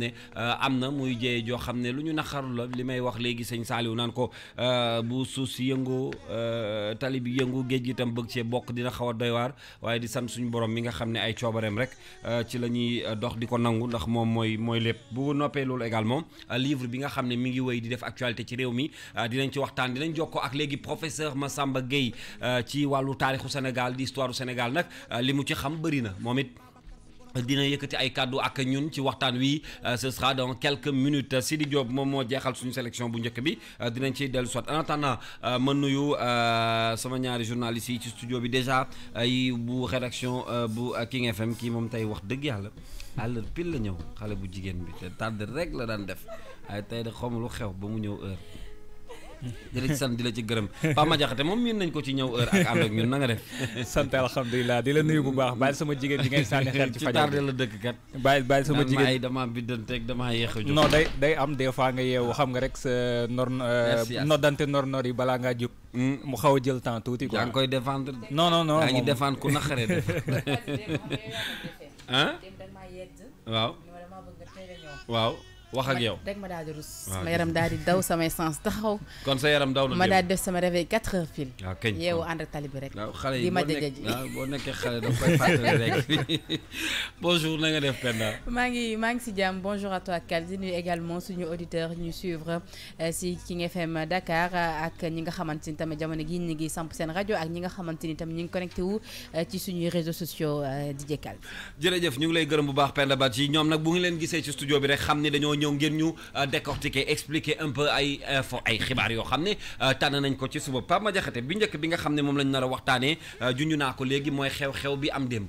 ne euh, am na muy jëye joo xam ne lu ñu naxaru la li may wax léegi sëñ Saaliw naan ko euh, bu suus yëngoo yëngu euh, tali bi yëngu géej gi tam bëgg cee bokk dina xaw a doy waar waaye di san suñu borom mi nga xam ne ay coobareem rek ci la ñuy dox di ko nangu ndax moom mooy mooy lépp bu noppee loolu également livre bi nga xam ne mi ngi wéy di def actualité ci réew mi dinañ ci waxtaan dinañ jokkoo ak léegi professeur Massamba Gueye ci wàllu taarixu Sénégal di histoire du Sénégal nag li mu ci xam bëri na moom it dina yëkkati ay kàddu ak ñun ci waxtaan wi euh, ce sera dans quelques minutes Sidi Diop moom moo jeexal suñu sélection bu njëkk bi euh, dinañ ciy dellu soit en attendant euh, ma nuyu sama ñaari journalistes yi ci studio bi déjà ay bu rédaction bu King FM ki mom tay wax dëgg yalla alors pile la ñëw xale bu jigen bi te tard rek la daan def ay tay de xom lu xew ba mu ñëw heure di la ci sant di la ci gërëm Pape Madiakhate moom miin nañ ko ci ñëw heure ak ànd ak ñun na nga def sant alhamdulilah di la nuyu bu baax bàyyi sama jigéen bi ngay sànni xel ci fajar la dëkk kat bàyyi bàyyi sama jigéen ay damaa biddanteeg damaa yeex a jóg non day day am des fois nga yeewu xam nga rek sa nor euh, noddante nor nor yi balaa ngaa jub hmm. mu xaw a jël temps tuuti quoi yaa ngi koy défendre non non non yaa ngi défendre ku naqaree def ah waaw waaw wax ak yow rek ma daal di rus sama ah, yaram daal di daw samay sens taxaw kon sa yaram daw na ma daal di def sama réveil 4 heures pile waaw ah, kañ yeewu ànd ak tali bi rek xale yi ma jajaji waaw boo nekkee xale da koy fatale rek bonjour na nga def Penda maa ngi maa ngi si jàmm bonjour à toi Kaldi nuyu également suñu auditeurs ñu suivre euh, si King FM Dakar euh, ak ñi nga xamante ni tamit jamono gi ñi ngi samp seen radio ak ñi nga xamante ni tam ñi ngi connecté wu euh, ci suñu réseaux sociaux DJ Kaldi jërëjëf ñu ngi lay gërëm bu baax Penda Badji ñom nak bu ngi leen gisee ci studio bi rek xamni ni dañoo ñëw ngeen ñu décortiquer expliquer un peu ay info ay xibaar yoo xam ne tànn nañ ko ci suba Pape Madiakhate bi njëkk bi nga xam ne moom lañ nar a waxtaanee junj naa ko léegi mooy xew-xew bi am démb.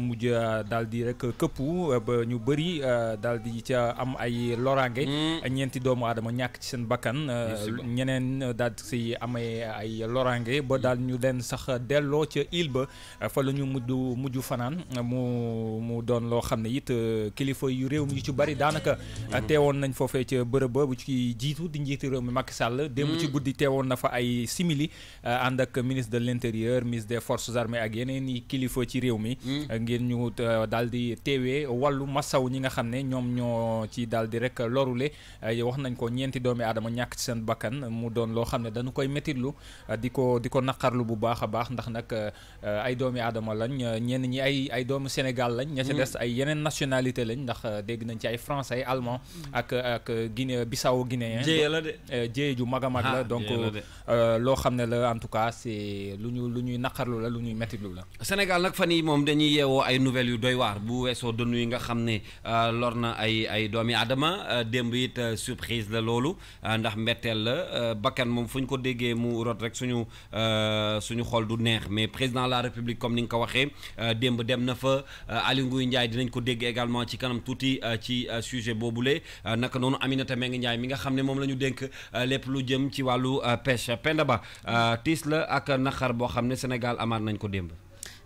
mujj euh, daal di rek këpp euh, ba ñu bëri euh, daal di ca am ay loraange. Mm. ñeenti doomu aadama ñàkk ci seen bakkan. ñeneen daal di amee ay loraange ba dal ñu leen sax delloo ca île ba fa la ñu mujj mujj fanaan mu mu doon loo xam ne it kilifa yu réew mi yu ci bari daanaka. Mm-hmm. teewoon nañ foofee ca bërëb ba ci jiitu di njiitu réew mi Macky sàll mm. démb ci guddi teewoon na fa ay simili ànd ak ministre de l' intérieur ministre de forces armées ak yeneen kilifa ci réew mi. Mm. ngir euh, daal di teewee wàllu masaw ñi nga xam ne ñoom ñoo ci daal di rek lorule euh, wax nañ ko ñeenti doomi aadama ñàkk ci seen bakkan mu doon loo xam ne dañu koy métitlu euh, di ko di ko naqarlu bu baax a baax ndax nag ay doomi aadama lañ ñenn ñi ay ay doomu Sénégal lañ ña mm. ay yeneen nationalité lañ ndax dégg nañ ci ay français ay mm. ak ak Guinée Bissau guinéen jéye ju mag a mag ah, la donc loo xam ne la en tout cas c'est lu ñu lu ñuy naqarlu la lu ñuy métitlu la Sénégal nag fan yi moom dañuy yeewoo ay nouvelles yu doy waar bu weesoo dënnu yi nga xam ne euh, lor na ay ay doomi aadama euh, démb it euh, surprise la loolu ndax mbetteel la bakkan moom fu ñu ko déggee mu rot rek suñu suñu xol du neex mais président la république comme ni nga ko waxee démb dem na fa Aly Ngouille Ndiaye dinañ ko dégg également ci kanam tuuti ci sujet boobule naka noonu Aminata Mbengue Ndiaye mi nga xam ne moom la ñu dénk lépp lu jëm ci wàllu pêche Penda Ba tiis la ak naqar boo xam ne Sénégal amaat nañ ko démb.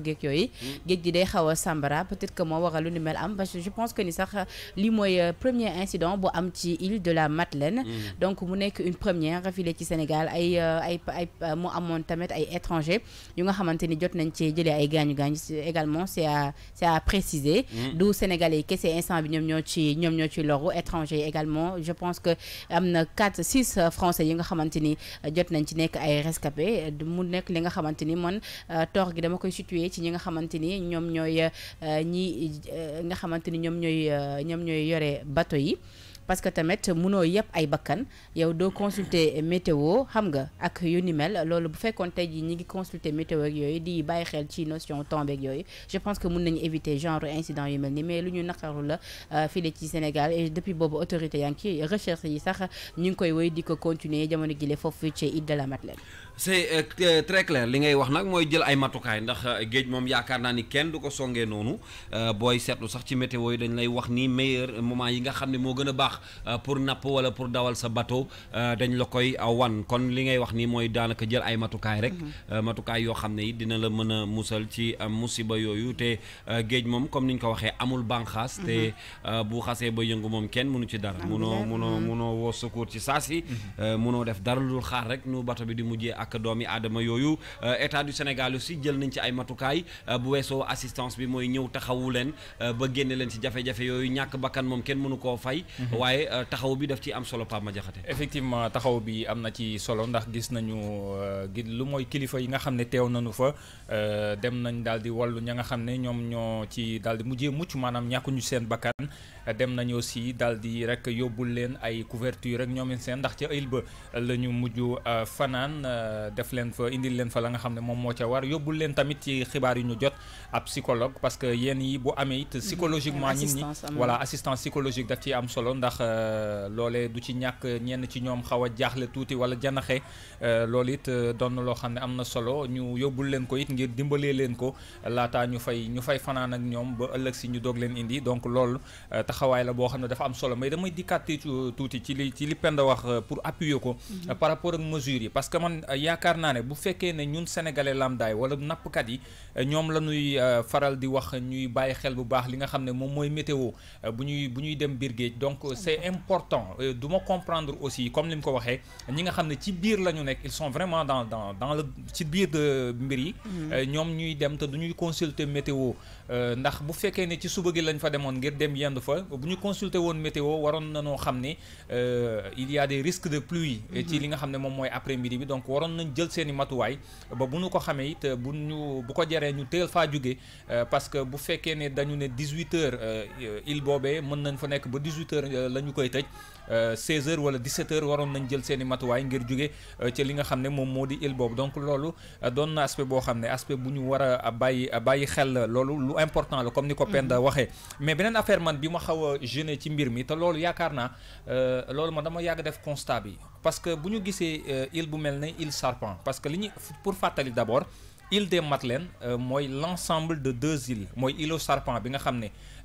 xew yoy geeg yooyu hmm. day xawa a sambara peut-être que mo waral lu ni mel am parce que je pense que ni sax li moy euh, premier incident bu am ci île de la Madeleine hmm. donc mu nek une première rafilé ci Sénégal ay euh, ay ay euh, mo amone tamit ay étrangers yu nga xamante jot nañ ci jëlé ay gañu gañu également c'est à c'est à préciser hmm. du Sénégalais que c'est instant bi ñom ñoo ci ñoom ñoo ci loru étrangers également je pense que amna 4 6 français yi nga xamante jot nañ ci nek ay rescapés mu nek li nga xamanteni mon tor tort gi dama koy situer ci ñi nga xamante ni ñoom euh, ñi euh, nga xamanteni ñom ñoy ñooy euh, ñoy yoré bateau yi parce que tamet mëno yëpp ay bakkan yow do consulter météo xam nga ak yu ni mel lolu bu fekkon tay ji ñi ngi consulter météo ak yoy di bàyyi xel ci notion temps ak yoy je pense que mun nañu éviter genre incident yu mel ni mais lu ñu naqaru la fii ci Sénégal et depuis bobu autorité yaa recherche yi sax ñing koy woy di ko continuer jamono jile fofu ci Île la Madeleine c'est euh, euh li ngay wax nag mooy jël ay matukaay ndax euh, géej moom yaakaar naa ni kenn du ko songee noonu euh, booy seetlu sax ci météo yi dañ lay wax nii meilleur moment yi nga xam ne moo gën a baax pour napp wala pour dawal sa bateau dañ la koy wan kon li ngay wax ni mooy daanaka jël ay matukaay rek mhm. matukaay yoo xam ne it dina la mën a musal ci musiba yooyu te géej moom comme niñ ko waxee amul banqaas te mhm. bu xasee ba yëngu moom kenn mënu ci dara munoo munoo mhm. munoo woo secours ci saa si munoo def dara lu xaar rek nu bato bi di mujjee ak ak doomi aadama yooyu euh, état du Sénégal aussi jël nañ ci ay matukaay euh, bu weesoo assistance bi mooy ñëw taxawu leen euh, ba génne leen ci jafe yooyu ñàkk bakkan moom kenn mënu koo fay mhm. waaye taxaw bi daf ci am solo Pape Madiakhaté effectivement taxaw bi am na ci solo ndax gis nañu gi lu mooy kilifa yi nga xam ne teew nañu fa dem nañ daal di wàllu ña nga xam ne ñoom ñoo ci daldi mujje mucc maanaam ñàkkuñu seen bakkan dem aussi dal rek yobul len ay couverture rek ñom seen ndax ci ba lañu muju euh, euh, def len fa indil len fa la nga psychologue parce que yi bu it mhm. psychologiquement voilà assistance psychologique daf ci am solo ndax euh, lolé du ci ñak ñen ci ñom xawa jaxlé wala lolit le solo ñu ko it ngir ko ñu fay ñu fay si ñu indi donc lool taxawaay la bo xamne dafa am solo mais damay dikkaat touti ci li ci li Penda wax euh, pour appuyer ko. Mhm. par rapport ak mesures yi parce que man euh, yaakaar naa bu fekkee ne ñun sénégalais lambda wala nap kat yi euh, ñom la ñuy faral di wax ñuy baye xel bu baax li nga xamne mom moy météo buñuy buñuy dem bir géej donc c'est important duma comprendre aussi comme lim ko waxee ñi nga xamne ci bir lañu nek ils sont vraiment dans dans dans le ci bir de mbiri mhm. ñom ñuy dem te duñuy consulter météo ndax bu fekkee ne ci suba gi lañ fa demone ngir dem yendu fa bu consulter météo waron nañu xamné euh, il y a des risques de pluie. Mhm. après midi donc waron nañ jël que ba buñu ko xamé it euh, buñu bu ko ñu euh, parce que bu féké né dañu 18 heures il bobé mën fa que ba 18 heures la 16 euh, h wala 17 h waron nañ jël seen i matuwaay ngir jóge euh, ci li nga xamné mom modi moo di île boobu donc lolu euh, don na aspect bo xamné aspect buñu wara bayyi bayyi xel lolu lu important la comme ni ko mhm. Penda waxee mais benen affaire man bima xawa xaw ci mbir mi té lolu yakarna euh lolu ma dama yag def constat bi parce que buñu gissé gisee île bu melné ne île Serpent parce que li ñu pour fatali d'abord île des Madeleines mooy l'ensemble de deux îles mooy îlot Serpent bi nga xam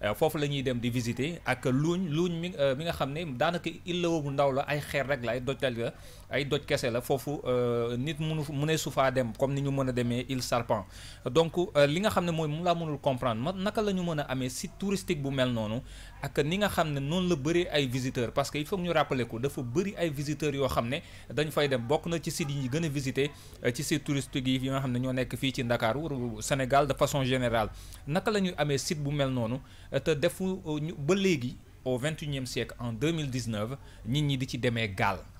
Euh, fofu lañuy dem di visiter ak luñ luñ mi euh, nga xamné danaka daanaka bu ndaw la ay xéer rek lay ay ga ay doj kese la fofu, euh, nit munu mënee soufa dem comme ni ñu mën il demee donc euh, li nga xamné moy mooy mu laa mënul comprendre naka la site touristique bu mel noonu ak ni nga xamné non la bëri ay visiteurs parce que il faut ñu rappeler ko dafa bëri ay visiteurs yo xamné dañ fay dem bokk na ci site yi gëna visiter euh, ci site touristique yi nga xamné ne ñoo nekk fi ci Ndakaaru Sénégal de façon générale naka la ñuy site bu mel noonu te defu ba légui au 21e siècle en 2019, nit ñi di ci démé gal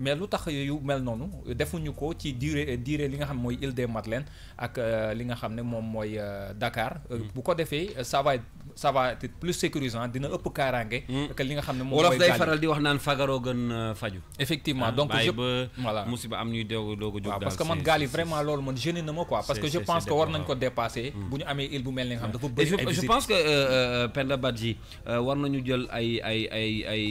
mais lu tax yu mel noonu defuñu ko ci durée durée li nga xam mooy Île des Madeleine ak euh, li nga xam ne moom mooy euh, Dakar. Euh, mm. bu ko defee ça va ça va être plus sécurisant dina ëpp kaaraange. Mm. que li nga xam ne moom mooy day faral di wax naan fagaroo gën faju effectivement donc je voilà musiba am ñuy doog doog jóg parce que man gaal yi vraiment loolu man gêné na ma quoi. parce que je pense que war nañ ko dépasser. Mm. bu ñu amee île bu mel ni nga xam dafa bëri je pense que Penda Badji war nañu jël ay ay ay ay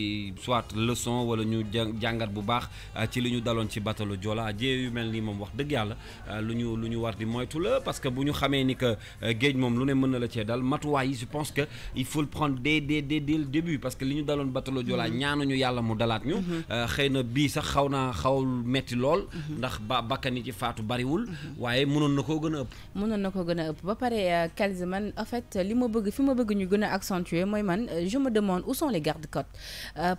soit leçon wala ñu jàngat bu baax. Euh, ci li ñu daloon ci batalu Joola jéey yu mel nii moom wax dëgg yàlla euh, lu ñu lu ñu war di moytu la parce que bu ñu xamee ni que euh, géej moom lu ne mën na la cee dal matuwaay je pense que il faut le prendre dès dès dès dès le début parce que li ñu daloon batalu Joola mhm. ñaanuñu yàlla mu dalaat ñu mhm. xëy na bii sax xaw naa xaw metti lool mhm. ndax ba bakkan yi ci faatu bariwul waaye mënoon na koo gën a ëpp mënoon na koo gën a ëpp ba pare Kalz man en fait li ma bëgg fi ma bëgg ñu gën a accentuer mooy man je me demande où sont les gardes-côtes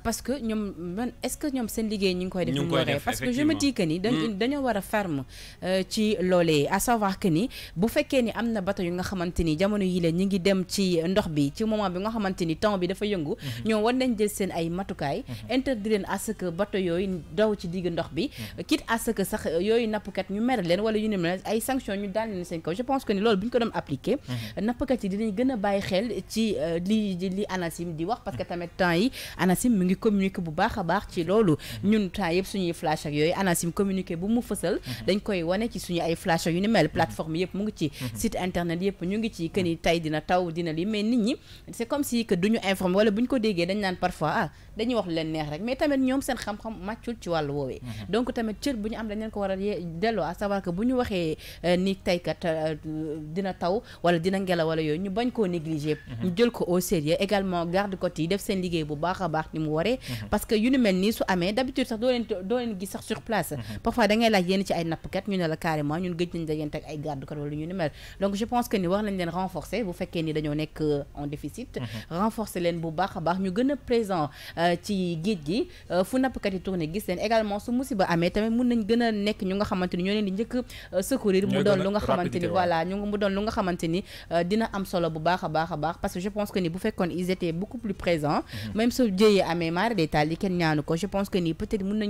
parce que ñoom est-ce que ñoom seen liggéey ñu ngi def ñu waree parce que je me ni dañ dañoo war a ferme euh, ci loolee à savoir que ni bu fekkee ni am na bato yu nga xamante ni jamono yi la ñi ngi dem ci ndox bi ci moment bi nga xamante ni temps bi dafa yëngu mhm. ñoom war nañ jël seen ay matukaay mhm. interdire leen à ce que bato yooyu daw ci digg ndox bi mhm. quitte à que sax yooyu nappkat ñu mere leen wala yu ne mel ay sanctions ñu daal leen seen kaw je pense que ni loolu bu ñu ko doon appliqué nappkat yi dinañ gën a bàyyi xel ci euh, li li ANACIM di wax parce que tamit temps yi ANACIM mu ngi communiqué bu baax a baax ci flash ak communiqué bu mu mhm. dañ koy ci suñu ay yu mhm. plateforme mhm. site internet ñu ngi ci ni dina taw dina li mais c'est comme si que duñu informé wala buñ ko parfois ah wax leen neex rek mais tamit seen xam-xam ci donc cër am dañ leen à savoir que euh, ni euh, dina taw wala dina wala ñu bañ ñu jël au sérieux également garde côté def seen liggéey bu ni mu parce que yu ni mel su d'habitude sax doo leen doo leen sax sur place mhm. parfois da ngay laaj yenn ci ay nappkat ñu ne la carrément ñun gëj nañ dajante ak ay gardukat wala ñu ni mel donc je pense que ni war nañ leen renforcer bu fekkee ni dañoo nekk euh, en déficit mhm. renforcer leen bu baax a baax ñu gën a présent euh, ci géej gi euh, fu nappkat yi tourné gis leen également su musiba amee tamit mun nañ gën a nekk ñu nga xamante ni ñoo leen di njëkk secourir mu doon lu nga xamante voilà ñu mu doon lu nga xamante dina am solo bu baax a baax parce que je pense que ni bu fekkoon ils étaient beaucoup plus présents mhm. même su jëyee amee maara des taal yi je pense que ni peut-être mun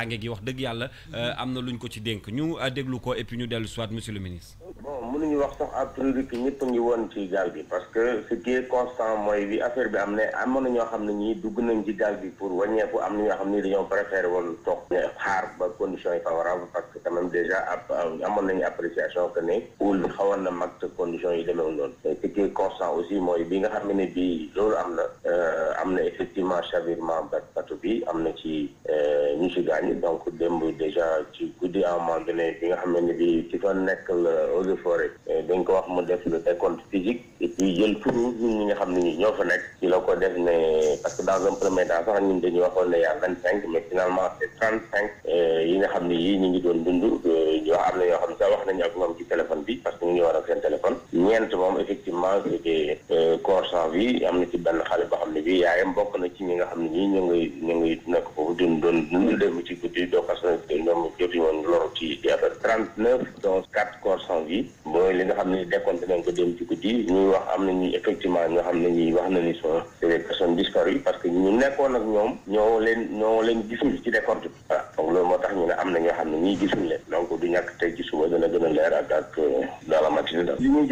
kaaraange gi dëgg yàlla euh, am na luñ ko ci dénk ñu euh, déglu ko et puis ñu dellu soit monsieur le ministre. bon mënuñu wax sax à priori que ñëpp a ngi woon ci gaal gi parce que ce qui est constant mooy bi affaire bi am ne na ñoo xam ne ñii dugg nañ ci gaal gi pour wàññeeku am na ñoo xam ne dañoo préféré woon toog xaar ba conditions yi favorable parce que quand même déjà euh, amoon nañu appréciation que ne wul na mag te yi demeewul noonu ce qui est constant aussi mooy bi nga xam ne bi loolu am na am na effectivement chavirement bateau bi am na ci ñu ci gaañu ni donc démb déjà ci guddi à un moment donné bi nga xam ne bi ci fa nekk la eaux et forêt dañ ko wax mu def le décompte physique et puis jël turu ñun ñi nga xam ne ñi ñoo fa nekk ci ko def ne parce que dans dañuy waxoon ne y a vingt cinq mais cinq euh, yi nga xam ne yii ñu ngi doon dund ñu euh, wax am na ñoo xam ne wax nañu ak moom ci téléphone bi parce que ñu ngi seen téléphone ñeent moom effectivement c'était euh, corps sans vie am na ci benn xale boo xam ne bii yaayam bokk na ci ñi nga xam ne ñii ñu ngi ñu ngi nekk foofu doon ci guddi dookas na ñoom jotuñu woon loru ci affaire trente neuf dont quatre corps sans vie mooy li nga xam ne décompté nañ ko dem ci guddi ñuy wax am nañu effectivement ñoo xam ne ñi wax na ni sont des personnes disparues parce que ñu nekkoon ak ñoom ñoo leen ñoo leen gisul ci décompte bi moo tax ñu ne am na ñoo xam ne ñii gisul leen donc du ñàkk tey ci suba dana gën a leer ak ak euh, la matinée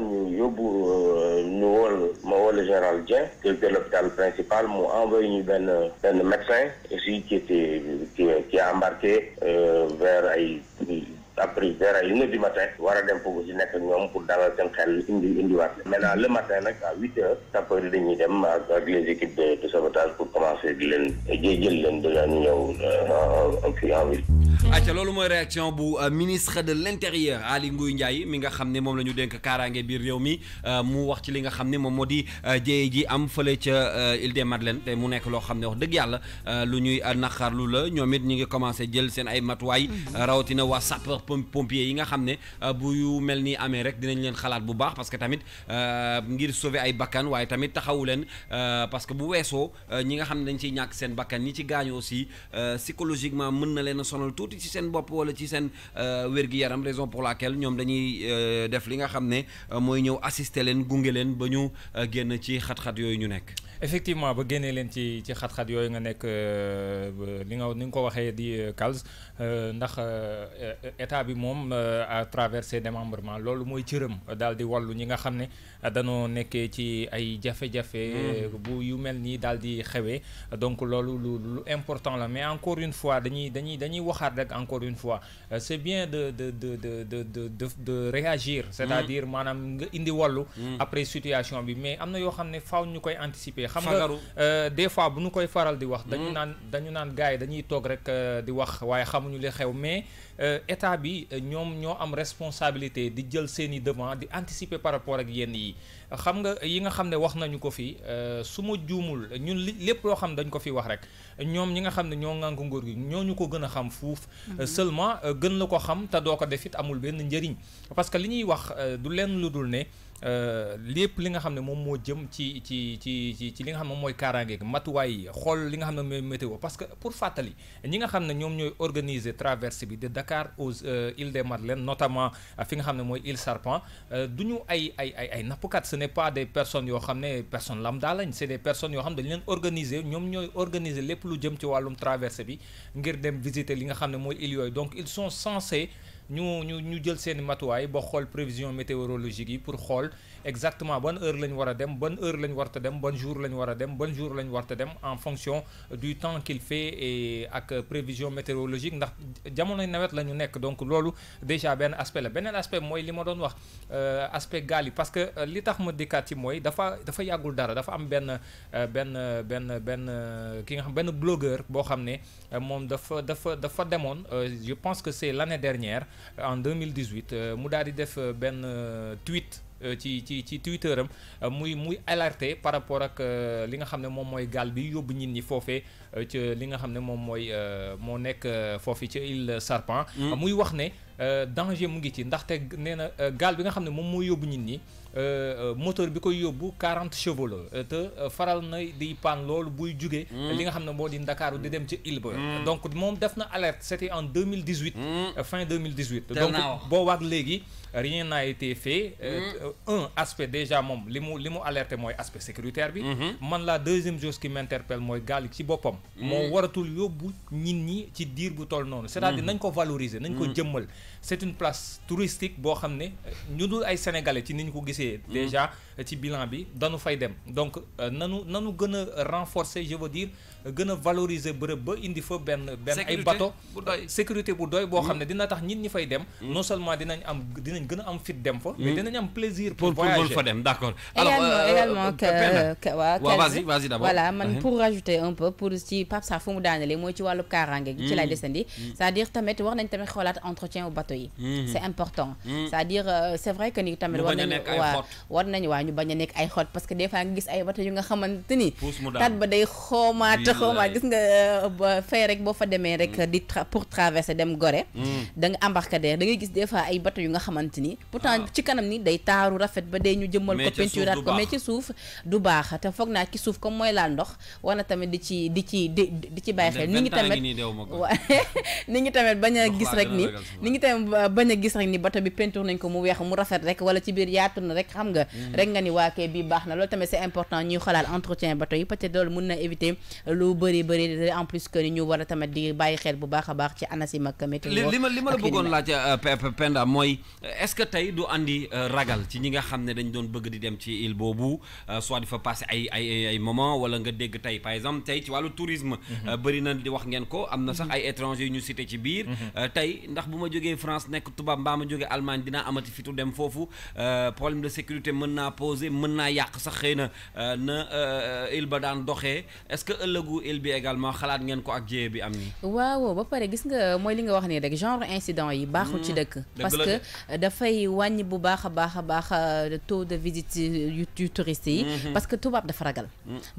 nous avons eu le général Djen, qui était l'hôpital principal m'a envoyé un médecin aussi qui était qui a embarqué euh, vers ay après vers une heure du matin war a dem foofu si nekk ñoom pour dalal seen xel indi le matin nag à huit heures sapeurs yi dañuy dem ak les de de loolu mooy réaction bu euh, ministre de l'intérieur Aly Ngouille Ndiaye mi nga xam ne moom la ñu dénk kaaraange biir réew mi euh, mu wax ci li nga xam ne moom moo di euh, jéye ji am fële ca Île des Madeleines te mu nekk loo xam ne wax dëgg yàlla lu ñuy naqarlu la ñoom it ñu ngi commencé jël seen ay matuwaay mm-hmm. rawatina waa pompiers yi nga xam ne euh, bu yu mel ni amee rek dinañ leen xalaat bu baax parce que tamit euh, ngir sauver ay bakkan waaye tamit taxawu leen euh, parce que bu weesoo ñi nga xam ne dañ ciy ñàkk seen bakkan ñi ci gaañu aussi psychologiquement mën na leen sonal tuuti ci seen bopp wala ci seen wér-gi-yaram raison pour laquelle ñoom dañuy def li nga xam ne mooy ñëw assister leen gunge leen ba ñu génn ci xat-xat yooyu ñu nekk. effectivement ba génnee leen ci ci xat-xat yooyu nga nekk li nga ni nga ko waxee di CALS état bi moom à travers ses loolu mooy cëram daal di wàllu ñi nga xam ne danoo nekkee ci ay jafé jafé hmm. bu yu melni daldi xewé donc lolu lu important la mais encore une fois dañuy dañuy dañuy waxaat rek encore une fois euh, c'est bien de de de de de de de réagir. Hmm. c'est à dire manam nga indi wàllu. Hmm. après situation bi mais amna yo xamné ne faaw ñu anticiper. xam nga euh, des fois bu ñukoy faral di wax. dañu naan dañu naan gaay yi dañuy toog rek euh, di wax waaye xamuñu li xew mais état bi ñom ño am responsabilité di jël seen devant di anticiper par rapport ak yenn yi. yi xam nga yi nga xam ne wax nañu ko fi euh, su ma juumul ñun li lépp loo xam dañ ko fi wax rek ñoom ñi nga xam ne ñoo ngànk nguur gi ñoo ñu ko gën a xam fuuf mm-hmm. euh, seulement euh, gën la ko xam te doo ko def it amul benn njëriñ parce li ñuy wax du leen lu dul ne Euh, lépp li nga xam ne jëm ci ci ci ci ne parce que pour fatali ñi nga ne de Dakar aux euh, îles des notamment euh, fi nga xam Serpent ay ay ay ce n'est pas des personnes qui ont personne lambda c'est des personnes yoo leen organiser organiser lu jëm ci donc ils sont censés nous ñu ñu jël seen matuwaay ba prévision météorologique pour xool exactement bonne heure la wara dem bonne heure la warta dem ban jour la dem ban jour warta dem en fonction du temps qu'il fait et ak prévision météorologique ndax jamono nawet lañu nek donc lolu déjà ben aspect la beneen aspect moy li ma doon wax euh, aspect gaal parce que euh, li tax ma dikkaat moy dafa dafa yagul dara dafa am ben ben ben ben ki nga xam blogueur bo xamné mom moom dafa dafa dafa demoon je pense que c'est l'année dernière en 2018 mu daal def benn tweet Euh, ci ci ci Twitter am euh, muy muy alerté par rapport ak euh, li nga xam ne moom mooy gaal bi yóbbu nit ñi foofee ca li nga xam ne moom mooy moo nekk foofu ci île Serpent mm. muy wax ne Euh, danger mu ngi ci ndaxte neena euh, gal bi nga xam mom mo moo nit ni euh, euh moteur bi koy yóbbu 40 chevaux la te faral na di paan lolou buy jugee. Hmm. li nga xam ne moo di di dem ci île hmm. donc mom def na alerte c'était en 2018. Hmm. fin 2018. donc bo waag léegi. rien n'a été fait. un aspect déjà mom limu limu li mu alerté mooy aspect sécuritaire bi. man la deuxième chose qui m'interpelle moy gal ci bopam mo waratul yóbbu nit ni ci dir bu toll non. c'est-à-dire nagn ko valoriser nagn ko jëmmal c'est une place touristique nous, xamné ñu dul ay sénégalais ci niñ ko gissé mhm. déjà ci bilan bi dañu fay dem donc nous euh, nanu gëna renforcer je veux dire gën a valoriser bërëb ba indi fa benn benn ay bateau sécurité bu doy boo xam ne mm. dina tax nit ñi fay dem mm. non seulement dinañ am dinañ gën a am fit dem fa mais mm. dinañ am plaisir pour voyager fa dem d'accord également euh, euh, euh, que voilà man uh-huh. pour rajouter un peu pour si pap Sarr fu mu daanelee mooy ci wàllu kaaraange ci lay desandi c'est-à-dire tamit war nañ tamit xoolaat entretien au bateau yi mm-hmm. c'est important c'est-à-dire c'est vrai que ni tamit war nañ waa war nañ waa ñu bañ a nekk ay xot parce que des fois nga gis ay bateau yu nga xamante ni tat ba day xoomaata xaw ma gis nga euh, fay rek boo fa demee rek mm. di pour traverser dem Gorée mm. da nga embarcadère da ngay gis des fois ay bateau yu nga xamante ni pourtant ah. ci kanam ni day taaru rafet ba dee ñu jëmmal ko peinturaat ko mais ci suuf du baax te foog naa ci suuf comme mooy laal ndox war tamit di ci di ci di di ci bàyyi xel ni ngi tamit waa ni ngi tamit bañ a gis rek ni ni ngi tamit gis rek ni bi peinture nañ ko mu weex mu rafet rek wala ci biir yaatu na rek xam nga mm. rek nga ni waakee bi baax na loolu tamit c'est important ñuy xalaat entretien bateau yi peut-être loolu mun na éviter lu bëri bëri en plus que ni ñu wara tamat di bàyyi xel bu baaxa baax ci anasim ak météo li ma la bëggon la ci Penda moy euh, est-ce que tay du andi euh, ragal ci ñi nga xamne dañ doon bëgg di dem ci il bobu euh, soit di fa passé ay ay ay moment wala nga dégg tay par exemple tay ci walu tourisme mhm. bëri na di wax ngeen ko amna sax mhm. ay étrangers ñu cité ci biir mhm. tay ndax buma joggé France nek tuba mbaa ma jógee Allemagne dina amati fitu dem fofu problème de sécurité mën poser mën yaq sax xeyna na il île ba daan doxee est-ce que ëllëg ëllëgu il bi également xalaat ngeen ko ak jéye bi am ni waaw ba pare gis nga mooy li nga wax nii rek genre incident yi baaxul ci hmm, dëkk parce que da fay wàññi bu baax a baax euh, taux de visite yu touristes yi hmm, hmm. parce que tubaab da faragal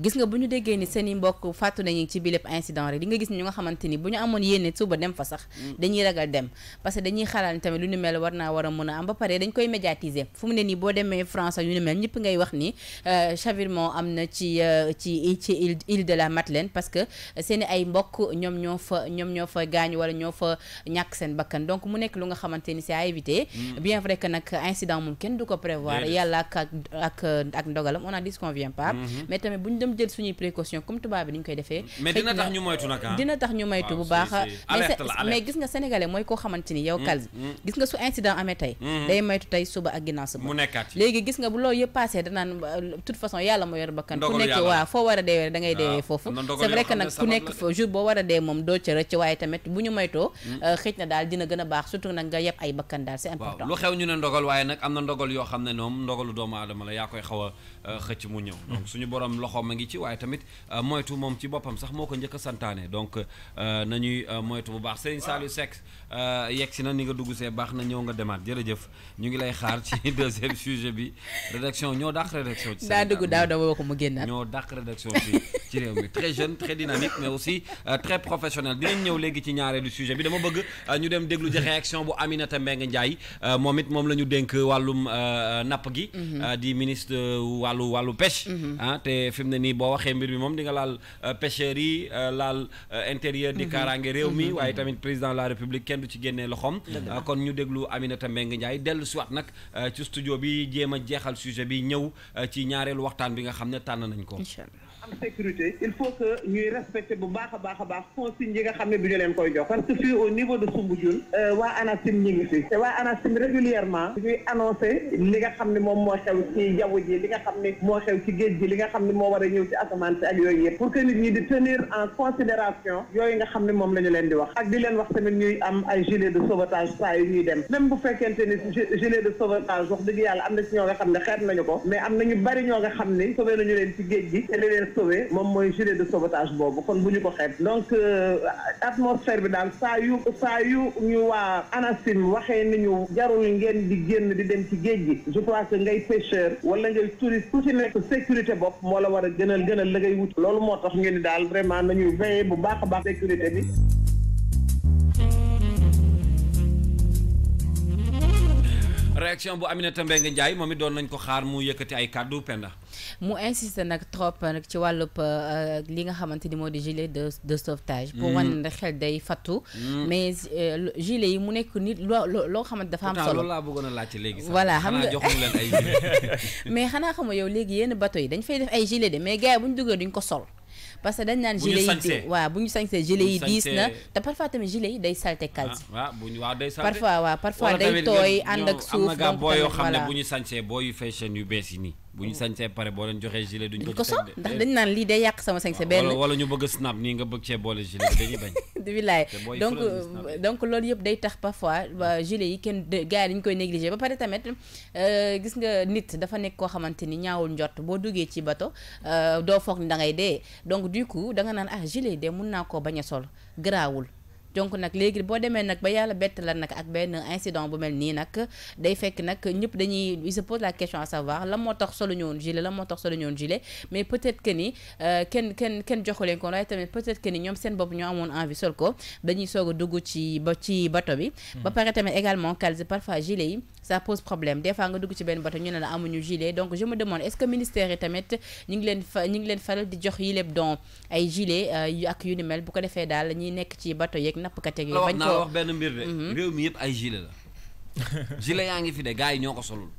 gis nga buñu déggé ni seen i mbokk fàttu nañu ci bilep incident rek li nga gis ñu nga xamanteni buñu amone yene amoon suba dem fa sax dañuy ragal dem parce que dañuy xalaat tamé tamit lu ñu mel warna wara mëna am ba pare dañ koy médiatiser fu mu ne ni bo démé France ñu mel ñep ngay wax ni euh, chavirement amna euh, ci ci île de la Madeleine leen parce que seen ay mbokk ñom ñoo fa ñoom ñoo fa gaañu wala ñoo fa ñàkk seen bakkan donc mu nek lu nga xamanteni ni c'est à éviter mm. bien vrai que nak incident mum kenn du ko prévoir yalla ak ak ak ndogalam on n'en disconvient pas mm-hmm. mais tamit buñ dem jël suñu précaution comme tuba bi ni ngui koy défé mais dina tax ñu moytu nag ah. dina tax ñu moytu bu baax mais gis nga sénégalais moy ko xamanteni yow mm, kal mm. gis nga su incident amé tay mm-hmm. day moytu tay suba ak ginnaaw suba mu nekkaat léegi gis nga bu lo yëpp passé da nan toute façon yalla mo yor bakkan ku nekk wa fo wara déwé da ngay déwé fofu c'est vrai nag ku nekk fa jour boo war a dee moom doo ca rëcc waaye tamit bu ñu maytoo hmm. euh, xëj na daal dina gën a baax sutu nag nga yeb ay bakkan daal c'est important lu xew ñu ne ndogal waaye nag am na ndogal yoo xam ne ñoom ndogalu doomu aadama la yaa koy xaw xëcc mu ñëw donc suñu borom loxo ma ngi ci waaye tamit euh, moytu moom ci boppam sax moo ko njëkk a santaane donc euh, nañuy euh, moytu bu baax Serigne Saliou Seck yegg si na ni nga dugg see baax na ñëw nga demaat jërëjëf ñu ngi lay xaar ci deuxième sujet bi rédaction ñoo dàq rédaction ci daa dugg daaw dama ko mu génnaat ñoo dàq rédaction ci ci réew mi très jeune très dynamique mais aussi très professionnel dinañ ñëw léegi ci ñaareelu sujet bi dama bëgg ñu dem déglu ji réaction bu Aminata Mbengue Ndiaye moom it moom la ñu dénk wàllum napp gi mm-hmm. di ministre wàllu lu wàllu pêche mhm. ah te fi mu ne nii boo waxee mbir mi moom di nga laal euh, pêcheurs yi euh, laal euh, intérieur di mhm. kaaraange réew mi mhm. waaye tamit président de la république kenn du ci génne loxoom kon ñu déglu Aminata Mbengue Ndiaye dellu siwaat nag ci studio bi jéem a jeexal sujet bi ñëw ci ñaareelu waxtaan bi nga xam ne tànn nañ ko am sécurité il faut que ñuy respecter bu baax a baax a baax consignes yi nga xam ne bi ñu leen koy jox parce que fii au niveau de Soumbédioune euh, waa ANACIM ñi ngi fi te waa ANACIM régulièrement ñuy annoncé li nga xam ne moom moo xew ci jaww ji li nga xam ne moo xew ci géej gi li nga xam ne moo war a ñëw ci asamaan si ak yooyu yëpp pour que nit ñi di tenir en considération yooyu nga xam ne moom la ñu leen di wax ak di leen wax tamit ñuy am ay gilet de sauvetage saa yu ñuy dem même bu fekkente ni gilet de sauvetage wax dëgg yàlla am na ci ñoo nga xam ne xeet nañu ko mais am na ñu bari ñoo nga xam ne sauvé nañu leen ci géej gi sauvé moom mooy gilet de sauvetage boobu kon bu ñu ko xeeb donc euh, atmosphère bi daal saa yu saa yu ñu waa ANACIM waxee ni ñu jarul ngeen di génn di dem ci géej je crois que ngay pêcheur wala ngay touriste ku ci nekk sécurité bopp moo la war a gënal gënal la ngay wut loolu moo tax ngeen daal vraiment nañuy veiller bu baax a baax sécurité bi réaction bu Aminata Mbengue jaay moom it doon nañ ko xaar mu yëkkati ay kàddu penda mu insiste nag trop nag ci wàllub euh, euh, li nga xamante ni moo di gilet de de sauvetage pour man mm. ne xel day fattu mm. mais euh, gilet yi mu nekk nit loo loo xamante dafa am solo loolu laa bëggoon a laajte léegi sax xam nga joxuñu leen ay mais xanaa xam nga yow léegi yenn bateau yi dañ fay def ay gilet de mais gars yi bu duggee duñ ko sol parce que dañ naan gilet yi waaw bu ñu sañsee gilet yi diis na te parfois tamit gilet yi day salte calci ah, parfois waaw parfois day tooy ànd ak suuf donc boo xam ne bu ñu sañsee boo yu fashion yu bees yi nii bu ñu sañsee pare boo leen joxee gilet duñ ko sol ndax dañ naan lii day yàq sama sañse benn wala ñu bëgg snap nii nga bëgg cee boole gilet dañuy euh, donc loolu yëpp day tax parfois gilet yi kenn gars yi dañ koy négligé ba pare tamit euh, gis nga nit dafa nekk koo xamante ni ñaawul njort boo duggee ci bato euh, doo foog ni da ngay donc du coup da nga naan ah gilet de mun naa koo bañ a sol garaawul donc nak léegi bo demee nak ba yalla bét la nak ak ben incident bu mel nii nag day fekk nak ñëpp dañuy il se pose la question à savoir la moo tax solo ñoon gilet la moo tax solo ñoon gilet mais peut-être que ni euh, ken ken ken joxu leen ko waaye tamit peut-être que ni ñom sen bopp ñu amone envie sol ko dañuy soog a dugg ci ba ci bato bi. Hmm. ba paré tamit également calze parfois gilet yi ça pose problème des fois nga dugg ci ben bato ñu ne amuñu gilet donc je me demande est-ce que ministère tamit ñu ngi len fa ñu ngi len faral di jox yi lépp don ay gilet euh, ak yu ni mel bu ko défé dal ñi nekk ci bato yi nappkat yeeg yooyu. bañ koo wax benn mbir de. Mhm. réew mi yëpp ay gilet la. gilet yaa ngi fi de gars yi ñoo ko solul.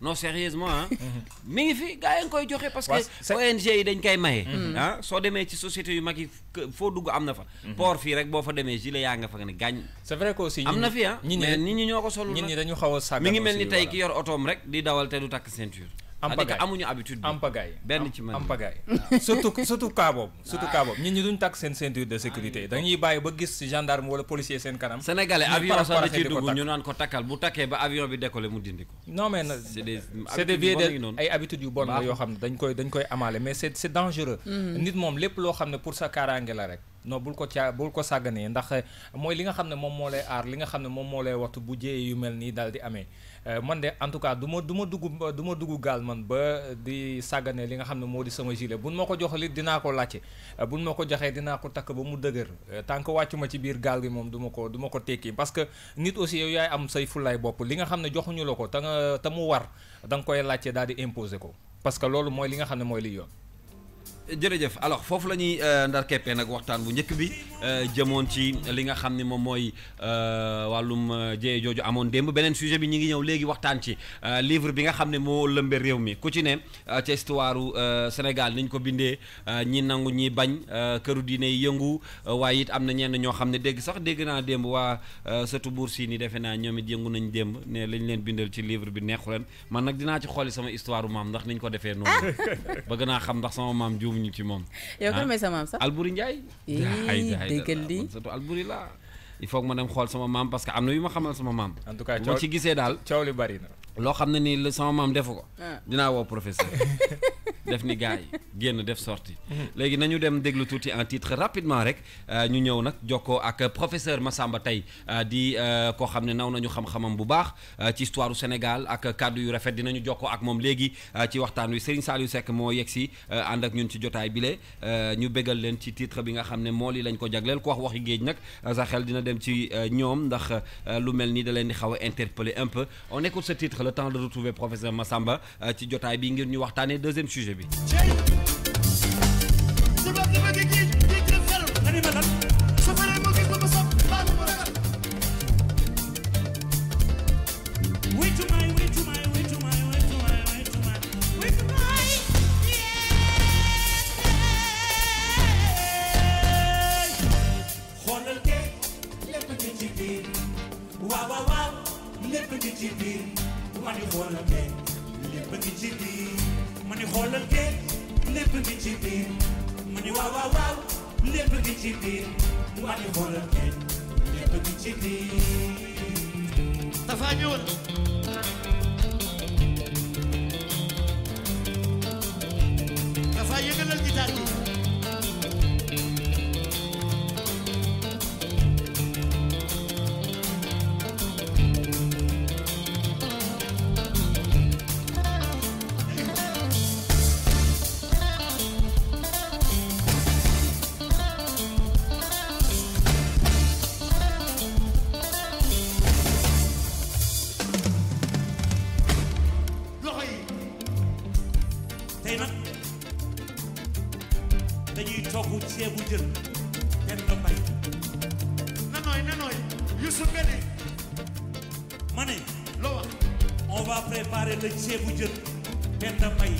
non sérieusement ah. ngi fi gars yi nga koy joxe parce que. ONG yi dañ koy maye. Mhm. ah soo demee ci société yu mag yi foo dugg am na fa. port fii rek boo fa demee gilet yaa nga fa ne gaañ. am na fi ah. mais ñi ñoo ko solul nag xaw a mi ngi mel ni tey ki yor otoom rek di dawal te du takk ceinture. cest amuñu habitude bi. benn ci am pagaille surtout surtout cas boobu. surtout cas boobu ah. nit ñi duñ takk seen ceinture de sécurité ah, dañuy bàyyi ba gis si gendarme wala policier seen kanam. sénégalais avion sax da ciy dugg ñu naan ko takkal bu takkee ba avion bi décollé mu dindi ko. non mais nag c'est des ay habitudes yu bon la yoo xam ne dañ koy dañ koy amaale mais c'est c'est dangereux. Mm-hmm. nit moom lépp loo xam ne pour sa kaaraange la rek. no bul ko caa bul ko sàgganee ndax eh, mooy li nga xam ne moom moo lay aar li nga xam ne moom moo lay wattu bu jéyee yu mel nii daal di amee eh, man de en tout cas duma duma du ma dugg du ma gaal man ba di sàgganee li nga xam ne moo di sama bu nu ma ko jox joxalit dinaa ko laajte eh, buñ ma ko joxee dinaa ko takk ba mu dëgër tant que wàccu ma ci biir gaal gi moom duma ko duma ko tekki parce que nit aussi yow yaay am say fullaay bopp li nga xam ne joxuñu la ko te te mu war da koy laajte daal di imposer ko parce que loolu mooy li nga xam ne mooy liy yoon jërëjëf alors foofu la ñuy euh, ndar keppee nag waxtaan bu njëkk bi Euh, jëmoon ci li nga xam ne moom mooy euh, wàllum euh, jëye jooju amoon démb beneen sujet bi ñu ngi ñëw léegi waxtaan ci livre bi nga xam ne moo lëmbe réew mi ku ci ne ca histoire Sénégal niñ ko bindee ñi nangu ñi bañ këru diine yëngu waaye it am na ñenn ñoo xam ne dégg sax dégg naa démb waa sëtu buur si ni defe naa ñoom it yëngu nañ démb ne lañ leen bindal ci livre bi neexu leen man nag dinaa ci xooli sama histoire maam ndax niñ ko defee noonu ah! bëgg naa xam ndax sama maam juum ci moom yow kan ah? may sa maam déggal lii surtout Alburi la il faut que dem xool sama maam parce que am na yu ma xamal sama maam. en ma ci gisee daal coow li loo xam ne nii la sama maam defu ko. Ah. dinaa woo professeur. def ni gars génn def sortie mhm. léegi nañu dem déglu tuuti en titre rapidement rek euh, ñu ñëw nag jokkoo ak professeur Massamba Teye euh, di euh, koo xam ne naw nañu xam-xamam bu baax ci histoire du Sénégal ak kàddu yu rafet dinañu jokkoo ak moom léegi ci waxtaan wi Serigne Saliou Seck moo yegg si ànd ak ñun ci jotaay bile ñu bégal leen ci titre bi nga xam ne mool yi lañ ko jagleel ku wax waxi géej nag sa xel dina dem ci ñoom ndax lu mel ni da leen di xaw a interpeller un peu on écoute ce titre le temps de retrouver professeur Massamba ci jotaay bi ngir ñu waxtaanee deuxième sujet baby. Wow, wow, wow, let me get you in. What you wanna make? Let me get you in. mu ni xoolal kee lépp ngi ci biir mu ni waaw waaw waaw lépp ngi ci biir mu ani xoolal kee lépp ngi ci biir dafa ñuul dafa yëgalal gitaar bi dañuy togg ceebu jën benn mbay nanooy nanooy Youssou Mbene ma ne loo wax on va préparer le ceebu jën benn mbay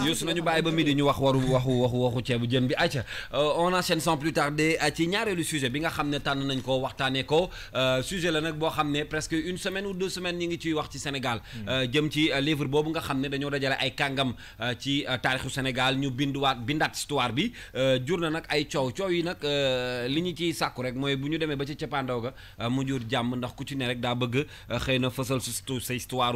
Youssou nañu baye ba midi ñu wax waru waxu waxu waxu ci bu jën bi acca euh, on enchaîne sans plus tarder ci ñaareelu sujet bi nga xamné tan nañ ko waxtané ko euh, sujet la nak bo xamné presque une semaine ou deux semaines ñi ngi ci wax ci Sénégal hmm. euh, jëm ci livre bobu nga xamné dañu dañoo ay kangam ci taarixu Sénégal ñu bindu binduwaat bindat histoire bi jur na nag ay coow coow yi nag li ñu ciy sàkku rek moy bu ñu demee ba ci cappaandaw ga mu jur jamm ndax ku ci ne rek da bëgg xeyna fessel fësal surtout sa histoire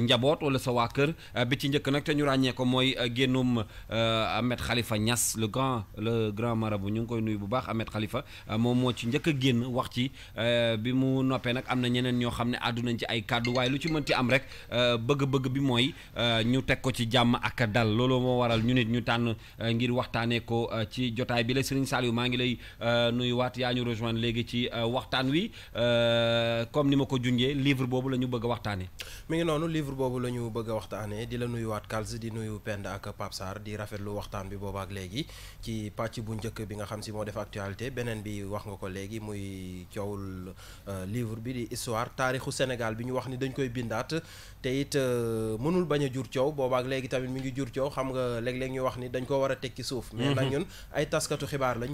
njaboot wala sa wa kër bi ci ñëk nak ñu ràññee ko mooy euh, génnum euh, Ahmed Khalifa Niass le grand le grand marabout ñu ngi koy nuyu bu baax Ahmed xalifa euh, moom moo ci njëkk a génn wax ci bi mu noppee nag am na ñeneen ñoo xam ne àddunañ ci ay kàddu waaye lu ci mënti am rek bëgg-bëgg bi mooy ñu teg ko ci jàmm ak dal loolu moo waral ñu nit ñu tànn ngir waxtaanee ko ci jotaay bi la Serigne Saliou maa ngi lay nuyuwaat yaa ñu rejoindre léegi ci waxtaan wi comme ni ma ko junjee livre boobu la ñu bëgg a waxtaanee. ngi noonu livre Charles di nuyu Penda ak Pape Sarr di rafetlu waxtaan bi ak léegi ci pàcc bu njëkk bi nga xam si moo def actualité beneen bi wax nga ko léegi muy coowul euh, livre bi di histoire taarixu Sénégal bi ñu wax ni dañ koy bindaat te it euh, mënul bañ a jur coow boobaak léegi tamit mi ngi jur coow xam nga léeg-léeg ñu wax ni dañ ko war a teg ci suuf mais mhm. nag ñun ay taskatu xibaar lañ